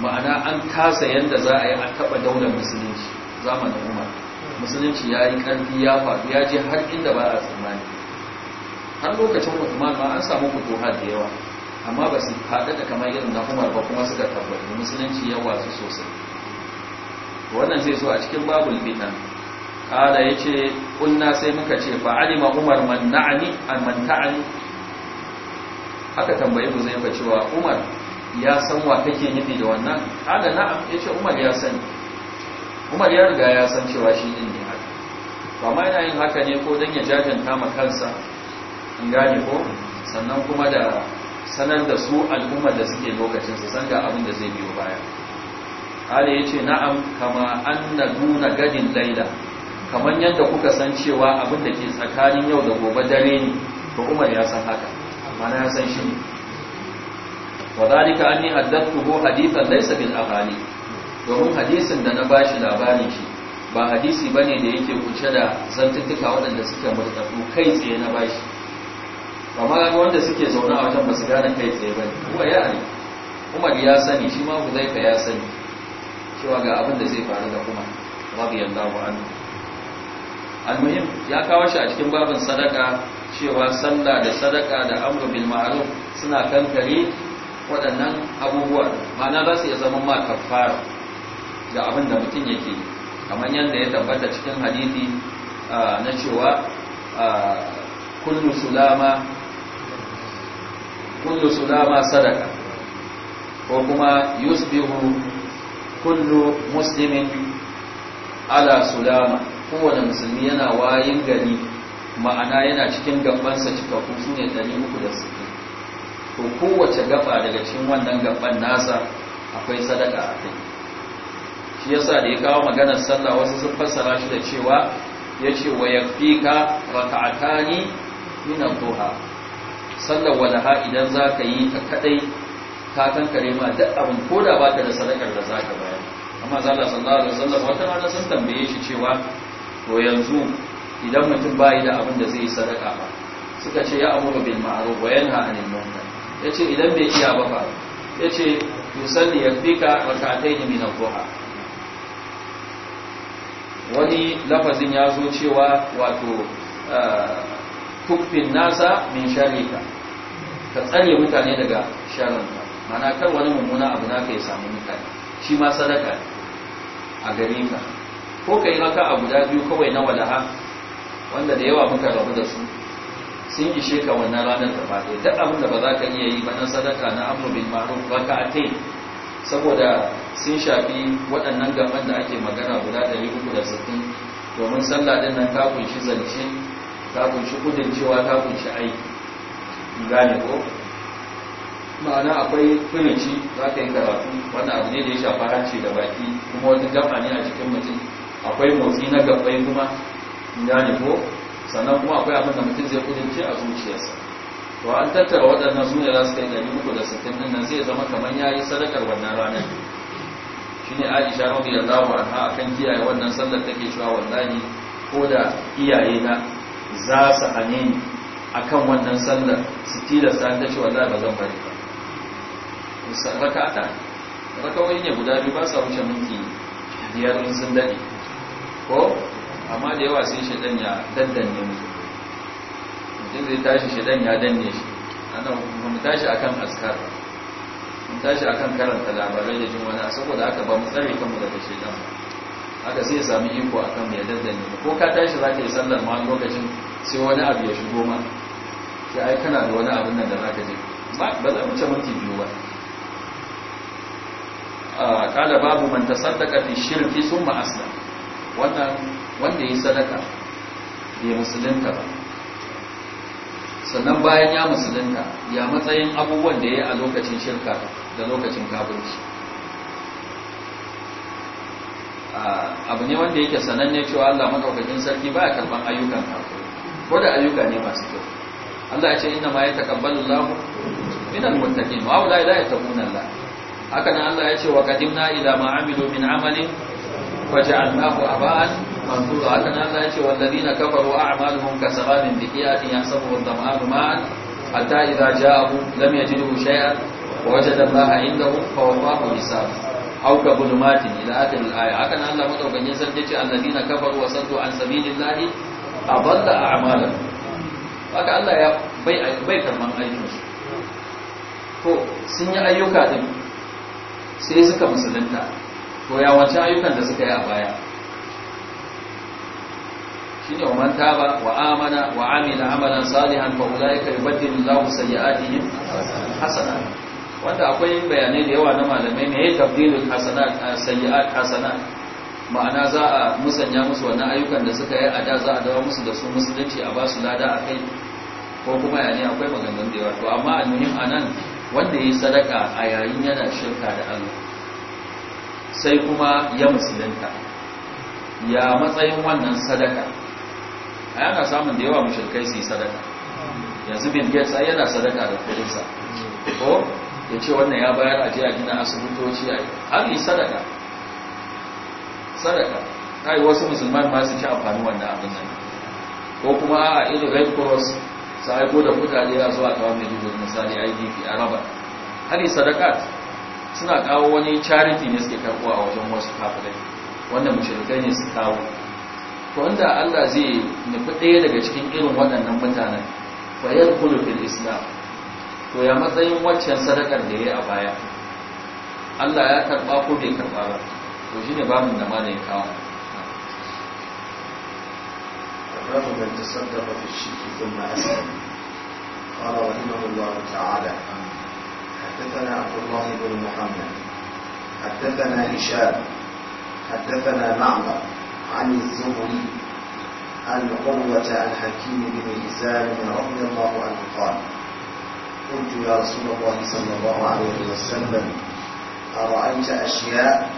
Speaker 1: ma'ana an kasa yadda za a yi a taɓa daular musulunci zamanin umar musulunci ya yi ƙarfi ya faɗi ya je har inda ba a tsammani har lokacin mutumar ma an samu har da yawa amma ba su da kamar irin na umar ba kuma suka tabbata musulunci ya wasu sosai wannan zai zo a cikin babul fitan Kada ya ce ƙunna sai muka ce fa'alima umar man na'ani a man ta'ani aka tambaye mu zai cewa umar ya san wa kake nufi da wannan Kada na'am ya ce umar ya sani umar ya riga ya san cewa shi ɗin ne haka ba ma yana yin haka ne ko don ya jajanta ma kansa in gane ko sannan kuma da sanar da su al'ummar da suke lokacin su san ga abin da zai biyo baya Ali ya ce na'am kama an na nuna gadin laila kamar yadda kuka san cewa abin da ke tsakanin yau da gobe dare ne to umar ya san haka mana ya san shi ne wa zalika anni bi hadithan laysa bil ahali domin hadisin da na bashi labarin shi ba hadisi bane da yake kunshe da zantuttuka waɗanda suke murtafu kai tsaye na bashi amma wanda suke zaune a wajen ba su gane kai tsaye bane kuma ya ne umar ya sani shi ma ka ya sani cewa ga abin da zai faru da kuma radiyallahu anhu almuhim ya kawo shi a cikin babin sadaka cewa sallah da sadaka da amru bil ma'ruf suna kankare waɗannan abubuwa ma'ana za su iya zama ma kafara ga abin da mutum yake kamar yadda ya tabbata cikin hadisi na cewa kullu sulama kullu sulama sadaka ko kuma yusbihu kullu muslimin ala sulama kowane musulmi yana wayin gari ma'ana yana cikin gabansa cikakku su ne 360 to kowace gaba daga cikin wannan gaban nasa akwai sadaka a kai shi yasa da ya kawo maganar sallah wasu sun fassara shi da cewa ya ce wa yafika raka'atani min ad-duha sallar walaha idan zaka yi ta kadai ta kankare ma duk abin koda baka da sadakar da zaka bayar amma zalla sallallahu alaihi wasallam wata rana sun tambaye shi cewa to yanzu idan mutum bayi da abin da zai sadaka ba suka ce ya amuru bil ma'ruf wa yanha 'anil munkar yace idan bai iya ba fa yace yusalli yakfika rak'atayn min ad-duha wani lafazin ya zo cewa wato ah, kufin nasa min sharika ka tsare mutane daga ka mana kar wani mummuna abu na ka ya samu mutane shi ma sadaka a gare ka ko ka yi raka a guda biyu kawai na walaha wanda da yawa muka rabu da su sun ishe ka wannan ranar da fadai duk abin da ba za ka iya yi ba na sadaka na amru bil ma'ruf raka'atain saboda sun shafi waɗannan gaban da ake magana guda 360 domin sallah din nan ta kunshi zance ta kunshi cewa ta kunshi aiki gane ko ma'ana akwai firici za ka yi karatu wannan abu ne da ya shafa hanci da baki kuma wata gama ne a cikin mutum akwai motsi na gabai kuma gane ko sannan kuma akwai abin da mutum zai kudince a zuciyarsa to an tattara waɗannan su ne za su kai ɗari uku da sittin ɗin nan zai zama kamar ya yi sadakar wannan ranar shi ne aisha rabi da zawo anha a kan kiyaye wannan sallar take cewa wallahi ko da iyaye na za su hane ni a kan wannan sallar su tilasta ta ce wallahi ba zan bari ba raka ta wani ne guda biyu ba sa wuce minti biyar sun dade. ko amma da yawa sai shaidan ya dandanne mutum mutum zai tashi shaidan ya danne shi ana mu tashi akan askar mu tashi akan karanta labarai da jin wani saboda haka ba mu tsare kanmu daga shaidan ba haka sai ya sami iko akan mai dandanne ko ka tashi za ka yi sallar ma lokacin sai wani abu ya shigo ma ya ai kana da wani abin nan da za ka je ba za mu ce minti biyu ba قال باب من تصدق في الشرك ثم أسلم wannan wanda yi sadaka bai musulunta ba sannan bayan ya musulunta ya matsayin abubuwan da ya yi a lokacin shirka da lokacin kafirci abu ne wanda yake sananne cewa Allah madaukakin sarki baya karban ayyukan kafin ko da ayyuka ne masu kyau Allah ya ce inna ma yataqabbalu Allahu minal muttaqin wa la ya illa Allah haka nan Allah ya ce wa qadimna ila ma'amilu min amalin faja'alnahu aba'an manzura haka nan Allah ya ce walladina kafaru a'maluhum kasabin biqiyatin yasabu dhama'u ma'an hatta idza ja'ahu lam yajidu shay'an wa wajada Allah indahu fa wafa'u hisab aw ka bulumatin ila akhir al-aya haka nan Allah madaukakin sarki ce alladina haka Allah ya bai karman aikinsu sun yi ayyuka din sai suka musulunta to ya ayyukan da suka yi a baya shi ne wa man taba wa amana wa amila amalan salihan fa ulaika yubaddilu Allahu sayyi'atihim hasana wanda akwai bayanai da yawa na malamai ne tabdilul hasanat sayyi'at hasana ma'ana za a musanya musu wannan ayyukan da suka yi a da za a dawo musu da su musulunci a basu lada a kai ko kuma ya ne akwai maganganun da yawa to amma almuhim anan wanda ya yi sadaka a yayin yana shirka da Allah sai kuma ya musulunta ya matsayin wannan sadaka a yana samun da yawa mushirkai su yi sadaka yanzu bin yana sadaka da kudinsa ko ya ce wannan ya bayar a jiya gina asibitoci a har yi sadaka sadaka yi wasu musulman ma ci amfani wannan abin nan ko kuma a ilu red cross su aiko da kudade a zuwa kawai mai dubu misali idp a raba har yi sadakat suna kawo wani charity ne suke karbo a wajen wasu kafirai wanda mushrikai ne su kawo to wanda Allah zai nufi ɗaya daga cikin irin waɗannan mutanen fa yadkhulu fil islam to ya matsayin waccan sadakar da yayi a baya Allah ya karba ko bai karba ba to shine babin da malamin kawo
Speaker 2: الرب تصدق في الشرك ثم أسلم قال رحمه الله تعالى حدثنا عبد الله بن محمد حدثنا هشام حدثنا معمر عن الزهري عن قوة عن حكيم بن هشام رضي الله عنه قال قلت يا رسول الله صلى الله عليه وسلم أرأيت أشياء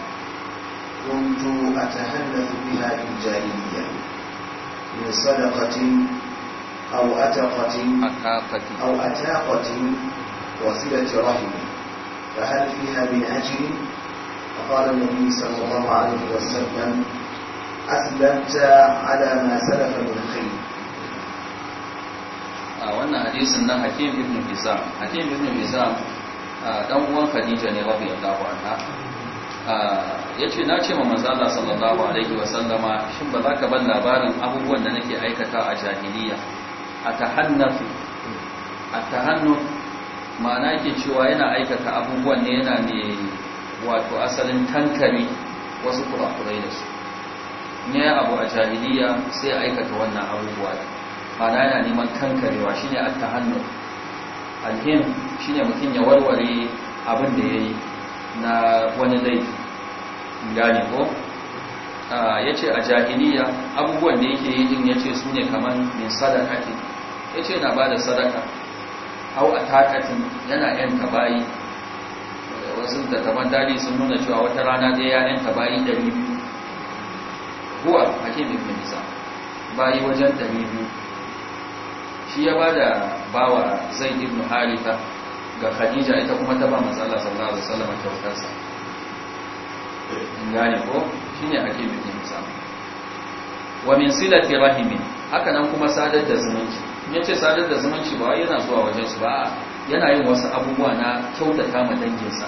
Speaker 2: كنت أتحدث بها في الجاهلية من صدقة أو أتقة أو أتاقة وصلة رحم فهل فيها من أجل فقال النبي صلى الله عليه وسلم أثبت على ما سلف من خير
Speaker 1: a wannan hadisin na hakim ibn hizam hakim ibn hizam dan uwan khadija ne radiyallahu anha ya ce na ce ma manzala sallallahu alaihi wa sallama shin ba za ka ban labarin abubuwan da nake aikata a jahiliya a tahannuf a tahannuf ma'ana ke cewa yana aikata abubuwan ne yana ne wato asalin tankare wasu kurakurai da su ne abu a jahiliya sai aikata wannan abubuwa ma'ana yana neman tankarewa shine at hannu alhim ne mutum ya warware abin da ya yi na wani laifi gane ko ya ce a jahiliya abubuwan da yake yi din ya ce su ne kamar min sadaka ya ce na ba da sadaka hau a takatin yana yanta bayi wasu da taban dadi sun nuna cewa wata rana dai ya yanta bayi 200 huwa ake ibn nisa bayi wajen 200 shi ya ba da bawa zai ibn harita ga khadija ita kuma ta ba matsala sallallahu alaihi wasallam kyautarsa in ingani ko shine ake ibn nisa wa min silati rahimin haka nan kuma sadar da zumunci ya ce sadar da zumunci ba yana zuwa wajensu ba yana yin wasu abubuwa na kyautata ma danginsa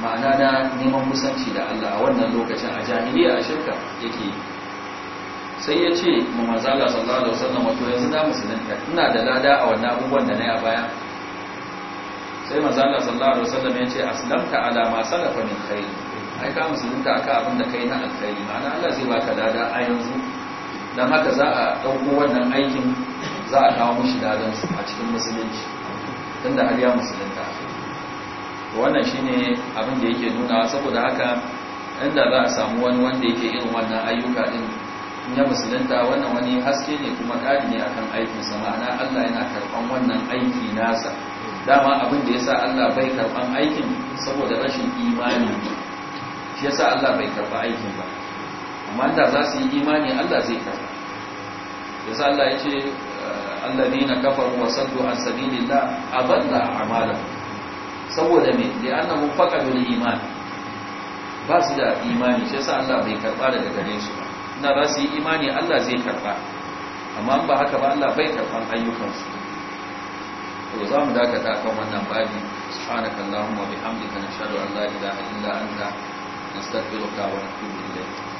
Speaker 1: ma'ana na neman musanci da Allah a wannan lokacin a jahiliya a shirka yake yi sai ya ce mu manzala sallallahu alaihi wasallam wato yanzu da musulunta ina da lada a wannan abubuwan da na ya baya sai mazala sallallahu alaihi wasallam ya ce aslamta ala ma salafa min khair ai ka musulunta aka abin da kai na alkhairi ma'ana Allah zai baka lada a yanzu dan haka za a dauko wannan aikin za a kawo dadon su a cikin musulunci tun da hariya ya musulunta wannan shi abin da yake nuna saboda haka inda za a samu wani wanda yake irin wannan ayyuka din ya musulunta wannan wani haske ne kuma kari ne akan aikinsa ma'ana Allah yana karɓan wannan aiki nasa dama abin da yasa Allah bai karɓan aikin saboda rashin imani shi yasa Allah bai karɓa aikin ba amma da za su yi imani Allah zai karɓa yasa Allah ya ce alladhina kafaru wa saddu an sabilillah aballa a'malahum saboda me li'annahum faqadul iman ba su da imani shi yasa Allah bai karba daga gare su ba ina ba su yi imani Allah zai karba amma ba haka ba Allah bai karban ayyukansu to za mu dakata kan wannan babi subhanakallahumma bihamdika nashhadu an la ilaha illa anta
Speaker 2: nastaghfiruka wa natubu ilayk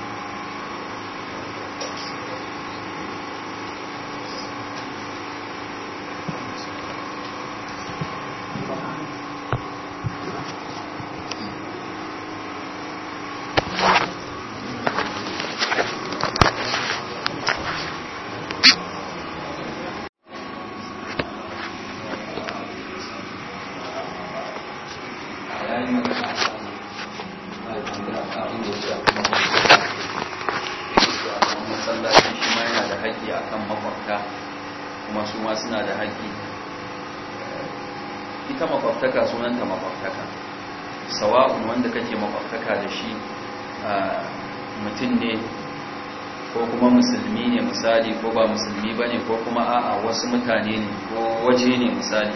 Speaker 1: misali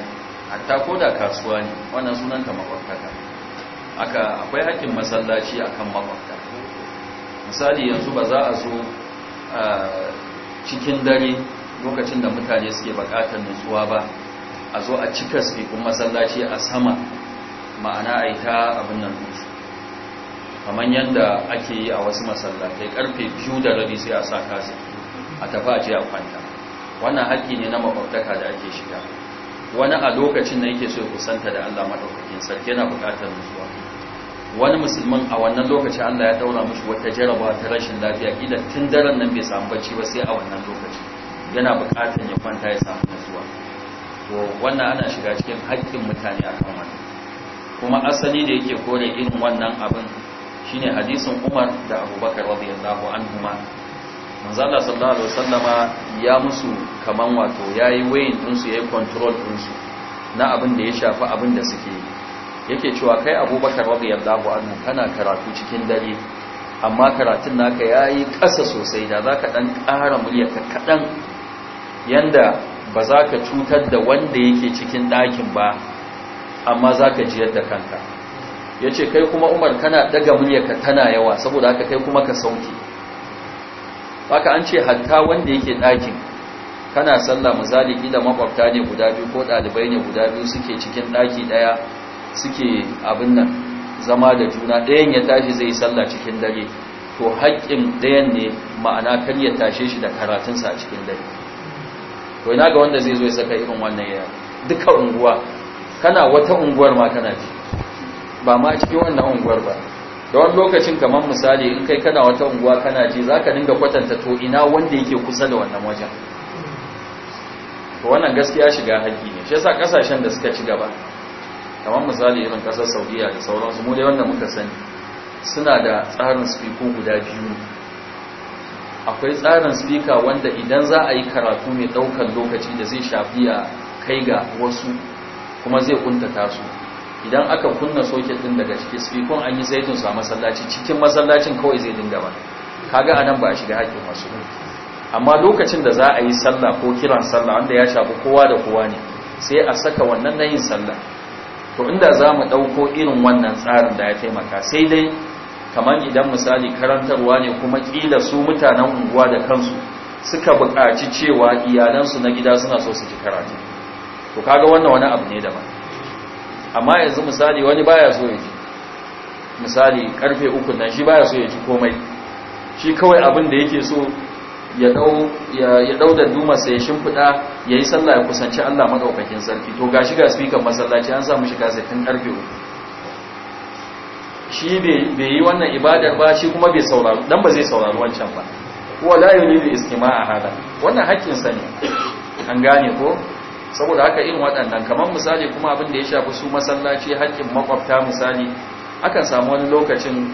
Speaker 1: hatta ko da kasuwa ne wannan sunanta makwabtaka aka akwai hakkin masallaci akan makwabta misali yanzu ba za a zo cikin dare lokacin da mutane suke bukatar nutsuwa ba a zo a cika sifikun masallaci a sama ma'ana a yi ta abin nan nutsu kamar yadda ake yi a wasu masallatai karfe biyu da rabi sai a sa kasa a tafi a je a kwanta wannan haƙƙi ne na makwabtaka da ake shiga wani a lokacin da yake so ya kusanta da Allah madaukakin sarki yana bukatar nutsuwa wani musulmin a wannan lokaci Allah ya daura mishi wata jaraba ta rashin lafiya kila tun daren nan bai samu bacci ba sai a wannan lokaci yana bukatar ya kwanta ya samu nutsuwa to wannan ana shiga cikin haƙƙin mutane akan wannan kuma asali da yake kore irin wannan abin shine hadisin Umar da Abubakar radiyallahu anhuma manzala sallallahu alaihi wasallama ya musu kaman wato yayi wayin dinsu yayi control dinsu na abin da ya shafi abin da suke yake cewa kai abubakar radiyallahu anhu kana karatu cikin dare amma karatun naka yayi ƙasa sosai da zaka dan ƙara ka kadan yanda ba za ka cutar da wanda yake cikin ɗakin ba amma za ka jiyar da kanka ya ce kai kuma umar kana daga ka tana yawa saboda haka kai kuma ka sauke haka an ce hatta wanda yake ɗakin kana sallah misali kila makwabta ne guda biyu ko ɗalibai ne guda biyu suke cikin ɗaki ɗaya suke abin nan zama da juna ɗayan ya tashi zai sallah cikin dare to haƙƙin ɗayan ne ma'ana kar ya tashe shi da karatunsa a cikin dare to ina ga wanda zai zo ya saka irin wannan yaya duka unguwa kana wata unguwar ma kana ji ba ma cikin wannan unguwar ba da wani lokacin kamar misali in kai kana wata unguwa kana ji za ka dinga kwatanta to ina wanda yake kusa da wannan wajen wannan gaskiya shiga haƙi ne shi yasa ƙasashen da suka ci gaba kamar misali irin ƙasar saudiya da sauransu mu dai wanda muka sani suna da tsarin spiko guda biyu akwai tsarin spika wanda idan za a yi karatu mai ɗaukar lokaci da zai shafi ya kai ga wasu kuma zai kuntata su idan aka kunna soket din daga ciki sifikon an yi zaitun a masallaci cikin masallacin kawai zai dinga ba kaga anan ba a shiga haƙƙin wasu amma lokacin da za a yi sallah ko kiran sallah wanda ya shafi kowa da kowa ne sai a saka wannan nayin sallah to inda za mu ɗauko irin wannan tsarin da ya taimaka sai dai kamar idan misali karantarwa ne kuma ƙila su mutanen unguwa da kansu suka buƙaci cewa iyalansu na gida suna so su ji karatu to kaga wannan wani abu ne daban amma yanzu misali wani baya so ya ji misali karfe uku nan shi baya so ya ji komai shi kawai abin da yake so ya dau da dumarsa ya shimfiɗa ya yi sallah ya kusanci allah maɗaukakin sarki to ga shiga masallaci an samu shiga tun karfe uku shi bai yi wannan ibadar ba shi kuma bai saurari dan ba zai saurari wancan ba wala yuni bi istima'a hada wannan hakkin sa ne an gane ko saboda haka irin waɗannan kamar misali kuma abin da ya shafi su masallaci haƙƙin makwabta misali akan samu wani lokacin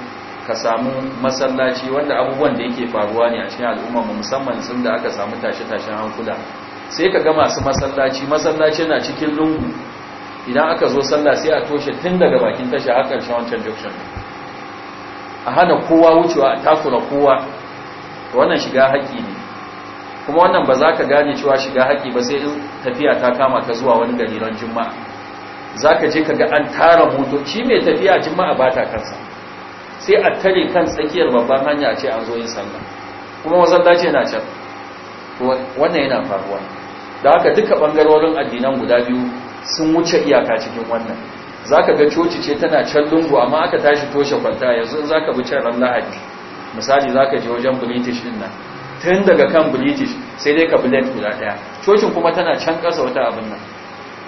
Speaker 1: ka samu masallaci wanda abubuwan da yake faruwa ne a cikin al'umma mu musamman sun da aka samu tashe-tashen hankula sai ka ga masu masallaci masallaci na cikin lungu idan aka zo sallah sai a toshe tun daga bakin tasha a ƙarshen wancan junction a hana kowa wucewa a takura kowa wannan shiga haƙƙi ne kuma wannan ba za ka gane cewa shiga haƙi ba sai in tafiya ta kama ka zuwa wani gari ran juma'a za ka je ka ga an tara motoci mai tafiya juma'a ba ta kansa sai a tare kan tsakiyar babban hanya ce an zo yin sallah kuma dace na can wannan yana faruwa da haka duka ɓangarorin addinan guda biyu sun wuce iyaka cikin wannan za ka ga coci ce tana can lungu amma aka tashi toshe kwanta yanzu za ka bi can ran lahadi misali za ka je wajen british din nan tun daga kan british sai dai ka blend guda daya cocin kuma tana can ƙasa wata abin nan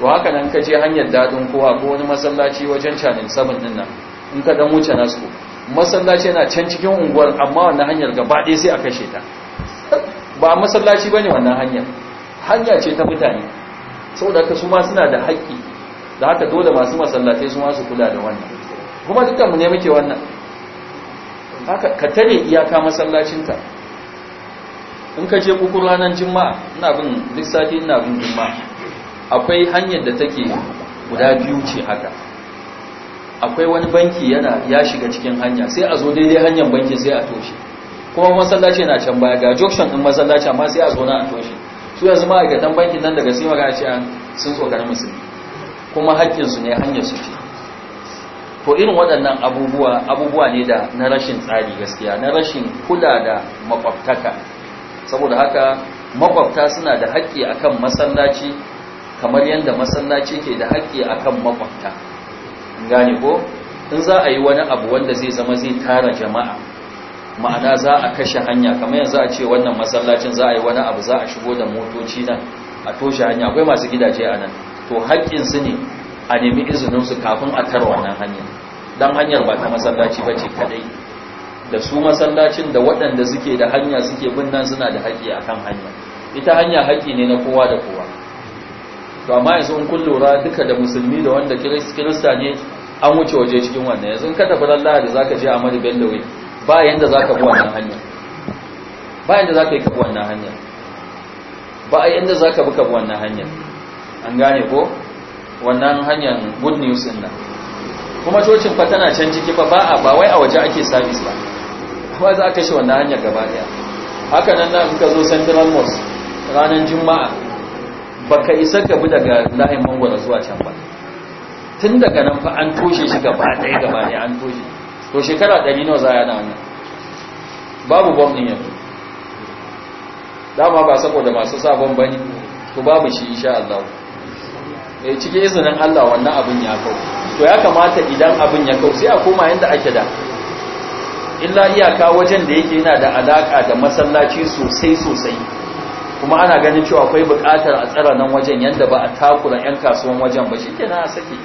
Speaker 1: to haka nan ka je hanyar dadin kowa ko wani masallaci wajen canin sabon din nan in ka dan wuce nasko masallaci yana can cikin unguwar amma wannan hanyar gaba ɗaya sai a kashe ta ba masallaci bane wannan hanyar hanya ce ta mutane saboda ka su ma suna da haƙƙi da haka dole masu masallatai su ma su kula da wannan kuma dukkan mu ne muke wannan haka ka tare iyaka masallacinta. in ka je kuku ranar juma'a ina bin duk sati ina bin juma'a akwai hanyar da take guda biyu ce haka akwai wani banki yana ya shiga cikin hanya sai a zo daidai hanyar banki sai a toshe kuma masallaci yana can baya ga junction din masallaci amma sai a zo na a toshe su yanzu ma'aikatan bankin nan daga sai magana ce sun tsokar musulmi kuma haƙƙinsu ne hanyar su ce to irin waɗannan abubuwa abubuwa ne da na rashin tsari gaskiya na rashin kula da makwabtaka saboda haka makwabta suna da haƙƙi akan masallaci kamar yadda masallaci ke da haƙƙi akan makwabta gane ko in za a yi wani abu wanda zai zama zai tara jama'a ma'ana za a kashe hanya kamar yanzu a ce wannan masallacin za a yi wani abu za a shigo da motoci nan a toshe hanya akwai masu gidaje a nan to su ne a nemi izininsu kafin a tarwa nan hanyar don hanyar ba ta masallaci ba ce kadai da su masallacin da waɗanda suke da hanya suke bin nan suna da haƙi akan hanya ita hanya haƙi ne na kowa da kowa to amma yanzu in kun lura duka da musulmi da wanda kirista ne an wuce waje cikin wannan yanzu in ka tafi ran lahadi zaka je a Bello bendawe ba yanda zaka bi wannan hanya ba yanda zaka yi ka bi wannan hanya ba yanda zaka bi ka bi wannan hanya an gane ko wannan hanyar good news din nan kuma cocin fa tana can kifa, ba a ba wai a waje ake service ba kuma za a kashe wannan hanyar gaba daya haka nan nan ka zo central mosque ranar juma'a baka isa ka bi daga layin mangwara zuwa can ba tun daga nan fa an toshe shi gaba daya gaba daya an toshe to shekara ɗari nawa za a yana wannan babu bom ɗin yanzu dama ba saboda masu sabon bane to babu shi insha Allah eh cikin izinin Allah wannan abin ya kau to ya kamata idan abin ya kau sai a koma yanda ake da illa iyaka wajen da yake yana da alaka da masallaci sosai sosai kuma ana ganin cewa akwai buƙatar a tsara nan wajen yanda ba a takura 'yan kasuwan wajen ba shikenan a sake.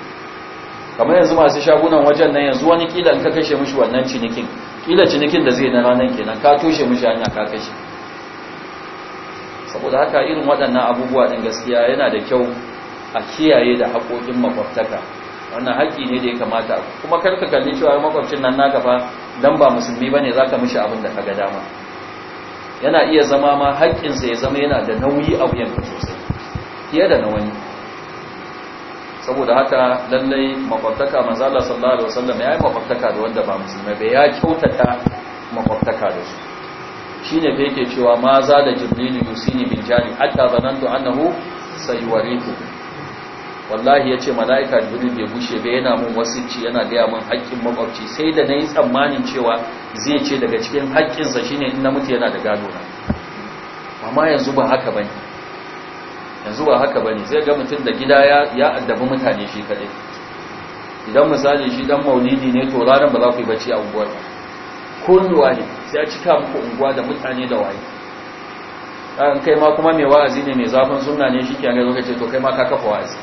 Speaker 1: kamar yanzu masu shagunan wajen nan yanzu wani kila ka kashe mushi wannan cinikin kila cinikin da zai na ranar kenan ka toshe mushi hanya ka kashe saboda haka irin waɗannan abubuwa ɗin gaskiya yana da kyau a kiyaye da haƙoƙin makwabtaka wannan haƙƙi ne da ya kamata kuma kar ka kalli cewa makwabcin nan naka fa dan ba musulmi bane zaka mishi abin da ka kaga dama yana iya zama ma haƙƙinsa ya zama yana da nauyi a wuyan ka sosai fiye da na wani saboda haka lallai makwabtaka Allah sallallahu alaihi wasallam ya yi makwabtaka da wanda ba musulmi bai ya kyautata makwabtaka da su shine da yake cewa ma za da jibrilu yusini bin jani hatta zanantu annahu sayuwaritu wallahi yace malaika jibril bai gushe ba yana mun wasicci yana gaya mun haƙƙin makwabci sai da nayi tsammanin cewa zai ce daga cikin haƙƙinsa sa shine in na mutu yana da gado na amma yanzu ba haka bane yanzu ba haka bane zai ga mutum da gida ya ya addabi mutane shi kadai idan misali shi dan maulidi ne to ranar ba za ku yi bacci a unguwar ba ko ruwa ne sai a cika muku unguwa da mutane da waye an kai ma kuma mai wa'azi ne mai zafin sunna ne shike ga lokaci to kai ma ka kafa wa'azi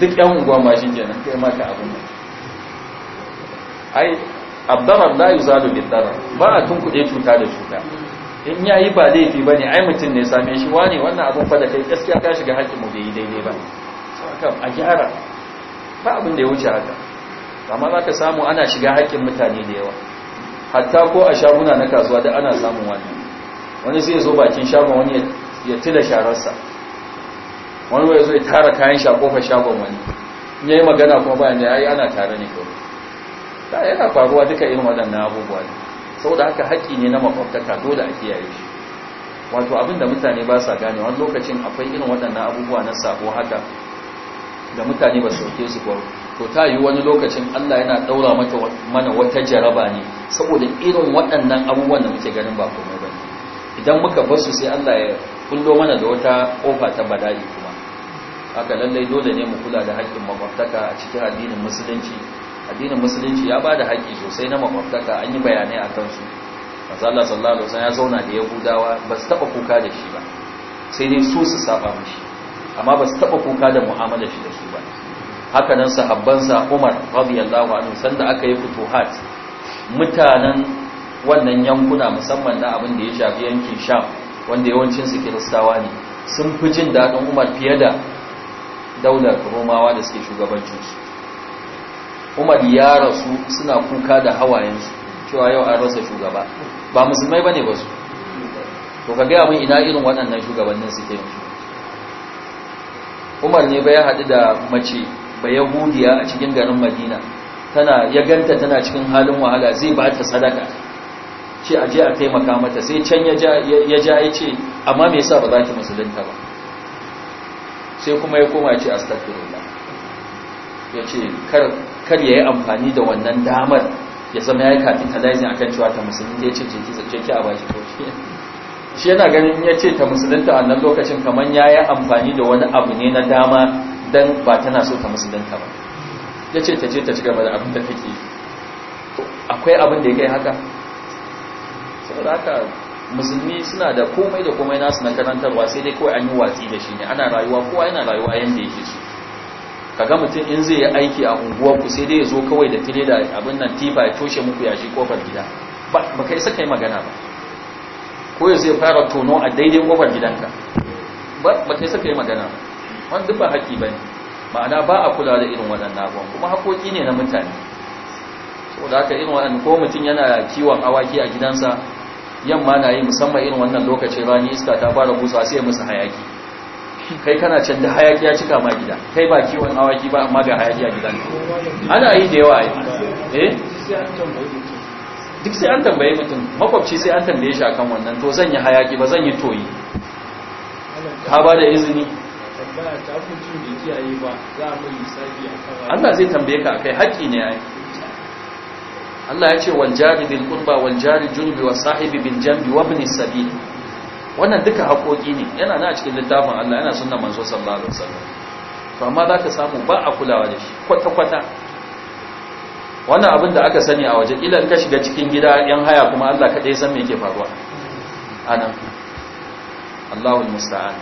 Speaker 1: duk yan unguwa ma shi kenan kai maka abin ai abdarar zalo bin dara ba a tun kuɗe cuta da cuta in ya yi ba laifi ne ai mutum ne same shi ne wannan abin fa da kai gaskiya ka shiga haƙƙin mu bai daidai ba saka a gyara ba abin da ya wuce haka amma ka samu ana shiga haƙƙin mutane da yawa hatta ko a shaguna na kasuwa da ana samun wannan wani sai ya zo bakin shagon wani ya tila shararsa wani wai zai tara kayan shi a kofar wani in yayi magana kuma bayan da yayi ana tare ne kawai ta yana faruwa duka irin waɗannan abubuwa ne saboda haka haƙƙi ne na makwabtaka dole a kiyaye shi wato abin da mutane ba sa gane wani lokacin akwai irin waɗannan abubuwa na sabo haka da mutane ba su sauke su ba to ta yi wani lokacin Allah yana ɗaura mata mana wata jaraba ne saboda irin waɗannan abubuwan da muke ganin ba komai bane idan muka basu sai Allah ya kullo mana da wata kofa ta bala'i haka lallai dole ne mu kula da haƙƙin makwabtaka a cikin addinin musulunci addinin musulunci ya ba da haƙƙi sosai na makwabtaka an yi bayanai a kansu mazala sallallahu alaihi ya zauna da yahudawa ba su taɓa kuka da shi ba sai dai su su saba mishi amma ba su taɓa kuka da mu'amala shi da su ba haka nan sa umar radiyallahu anhu sanda aka yi futuhat mutanen wannan yankuna musamman na abin da ya shafi yankin sham wanda yawancin su kiristawa ne sun fi jin daɗin umar fiye da daular romawa da suke shugabancinsu umar ya rasu suna kuka da hawayensu cewa yau an rasa shugaba ba musulmai ba ne ba su to ka gaya mun ina irin waɗannan shugabannin suke yanzu umar ne bai ya haɗu da mace ba yahudiya a cikin garin madina tana ya ganta tana cikin halin wahala zai ba ta sadaka ce aje a taimaka mata sai can ya ja ya ce amma me yasa ba za ki musulunta ba sai kuma ya koma ce astagfirullah ya ce kar ya yi amfani da wannan damar ya zama ya yi capitalizing akan cewa ta musulunta ya ce ce ce ki a baki kofi shi yana ganin ya ce ta musulunta a nan lokacin kamar ya yi amfani da wani abu ne na dama don ba tana so ta musulunta ba ya ce ta ce ta ci gaba da abin da take akwai abin da ya kai haka haka musulmi suna da komai da komai nasu na karantarwa sai dai kawai an yi watsi da shi ne ana rayuwa kowa yana rayuwa yadda yake so kaga mutum in zai yi aiki a unguwarku sai dai ya zo kawai da tire da abin nan tifa ya toshe muku ya shi kofar gida ba kai saka yi magana ba ko ya zai fara tono a daidai kofar gidanka ba kai saka yi magana ba wanda ba haƙi ba ne ma'ana ba a kula da irin waɗannan abubuwan kuma haƙoƙi ne na mutane saboda haka irin waɗannan ko mutum yana kiwon awaki a gidansa yamma na yi musamman irin wannan lokaci rani iska ta fara busa sai musu hayaki kai kana can da hayaki ya cika ma gida kai ba kiwon awaki ba amma ga hayaki a gidan ana yi da yawa a yi. Eh? duk sai an tambaye mutum makwabci sai an tambaye shi akan wannan to zan yi hayaki ba zan yi toyi
Speaker 2: ka ba da izini Allah zai tambaye
Speaker 1: ka akai haƙƙi ne yi. Allah ya ce wal jari bil qurba wal jari junubi sahibi bin jambi wa ibn wannan duka haƙoƙi ne yana na cikin littafin Allah yana sunna manzo sallallahu alaihi wasallam to amma zaka samu ba a kulawa da shi kwata kwata wannan abin da aka sani a waje ilan ka shiga cikin gida yan haya kuma Allah kadai san me yake faruwa anan Allahu musta'an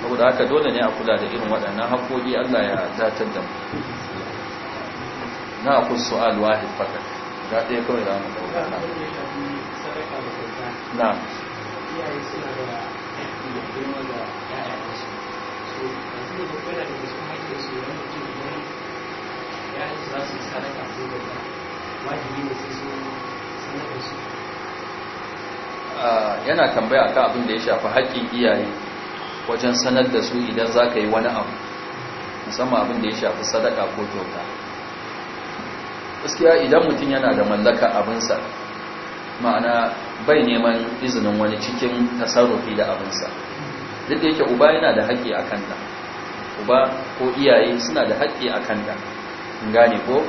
Speaker 1: saboda haka dole ne a kula da irin waɗannan haƙoƙi Allah ya datar da mu na aqus su'al wahid fakat guda ɗaya kawai mu na yana tambaya kan abin da ya shafi haƙƙin iyaye wajen sanar da su idan za ka yi wani abu musamman abin da ya shafi sadaka ko kyauta gaskiya idan mutum yana da mallaka abinsa ma'ana bai neman izinin wani cikin tasarrufi da abinsa duk da yake uba yana da haƙƙi a kanta uba ko iyaye suna da haƙƙi a kanta gane ko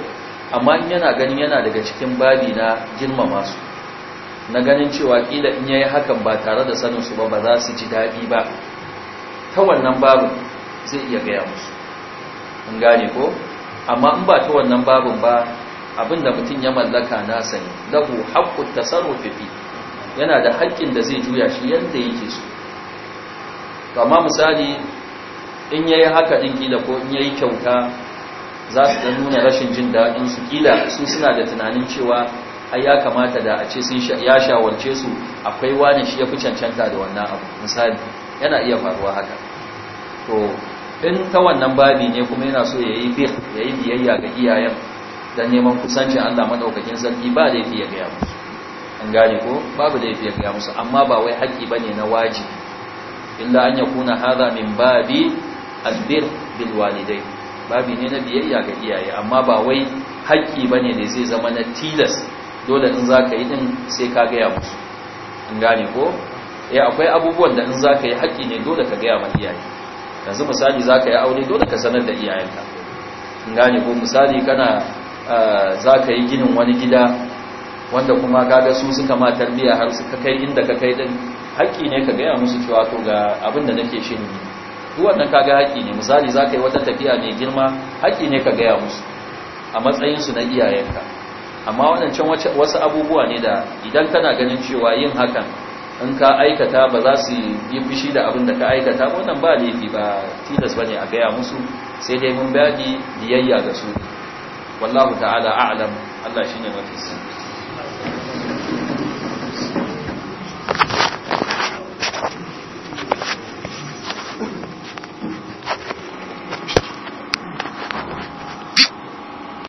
Speaker 1: amma in yana ganin yana daga cikin babi na girmama su na ganin cewa kila in ya yi hakan ba tare da sanin ba ba za su ji daɗi ba ta wannan babin zai iya gaya musu in gane ko amma in ba ta wannan babin ba abinda mutum ya mallaka nasa ne lahu haqqut tasarrufi fi yana da haƙƙin da zai juya shi yanda yake so kama misali in yayi haka din kila ko in yayi kyauta za su dan nuna rashin jin daɗin su kila su suna da tunanin cewa ai ya kamata da a ce sun ya shawarce su akwai wani shi ya fi cancanta da wannan abu misali yana iya faruwa haka to in ta wannan babi ne kuma yana so ya yi biyayya ga iyayen dan neman kusanci Allah madaukakin sarki ba laifi ya gaya musu an gane ko babu laifi ya gaya musu amma ba wai haƙi bane na wajibi illa an yakuna hadha min babi albir bil walidai babi ne na biyayya ga iyaye amma ba wai haƙi bane da zai zama na tilas dole in zaka yi din sai ka gaya musu an gane ko eh akwai abubuwan da in zaka yi haƙi ne dole ka gaya ma iyaye yanzu misali zaka yi aure dole ka sanar da iyayenka in gane ko misali kana za ka yi ginin wani gida wanda kuma kaga su suka ma tarbiya har suka kai inda ka kai din haƙƙi ne ka gaya musu cewa to ga abin da nake shi ne duk wannan kaga haƙƙi ne misali za ka yi wata tafiya mai girma haƙƙi ne ka gaya musu a matsayinsu na iyayenka amma waɗancan wasu abubuwa ne da idan kana ganin cewa yin hakan in ka aikata ba za su yi fushi da abin da ka aikata wannan ba laifi ba tilas ba ne a gaya musu sai dai mun bayani biyayya ga su wallahu ta'ala a'lam Allah shine mafi sani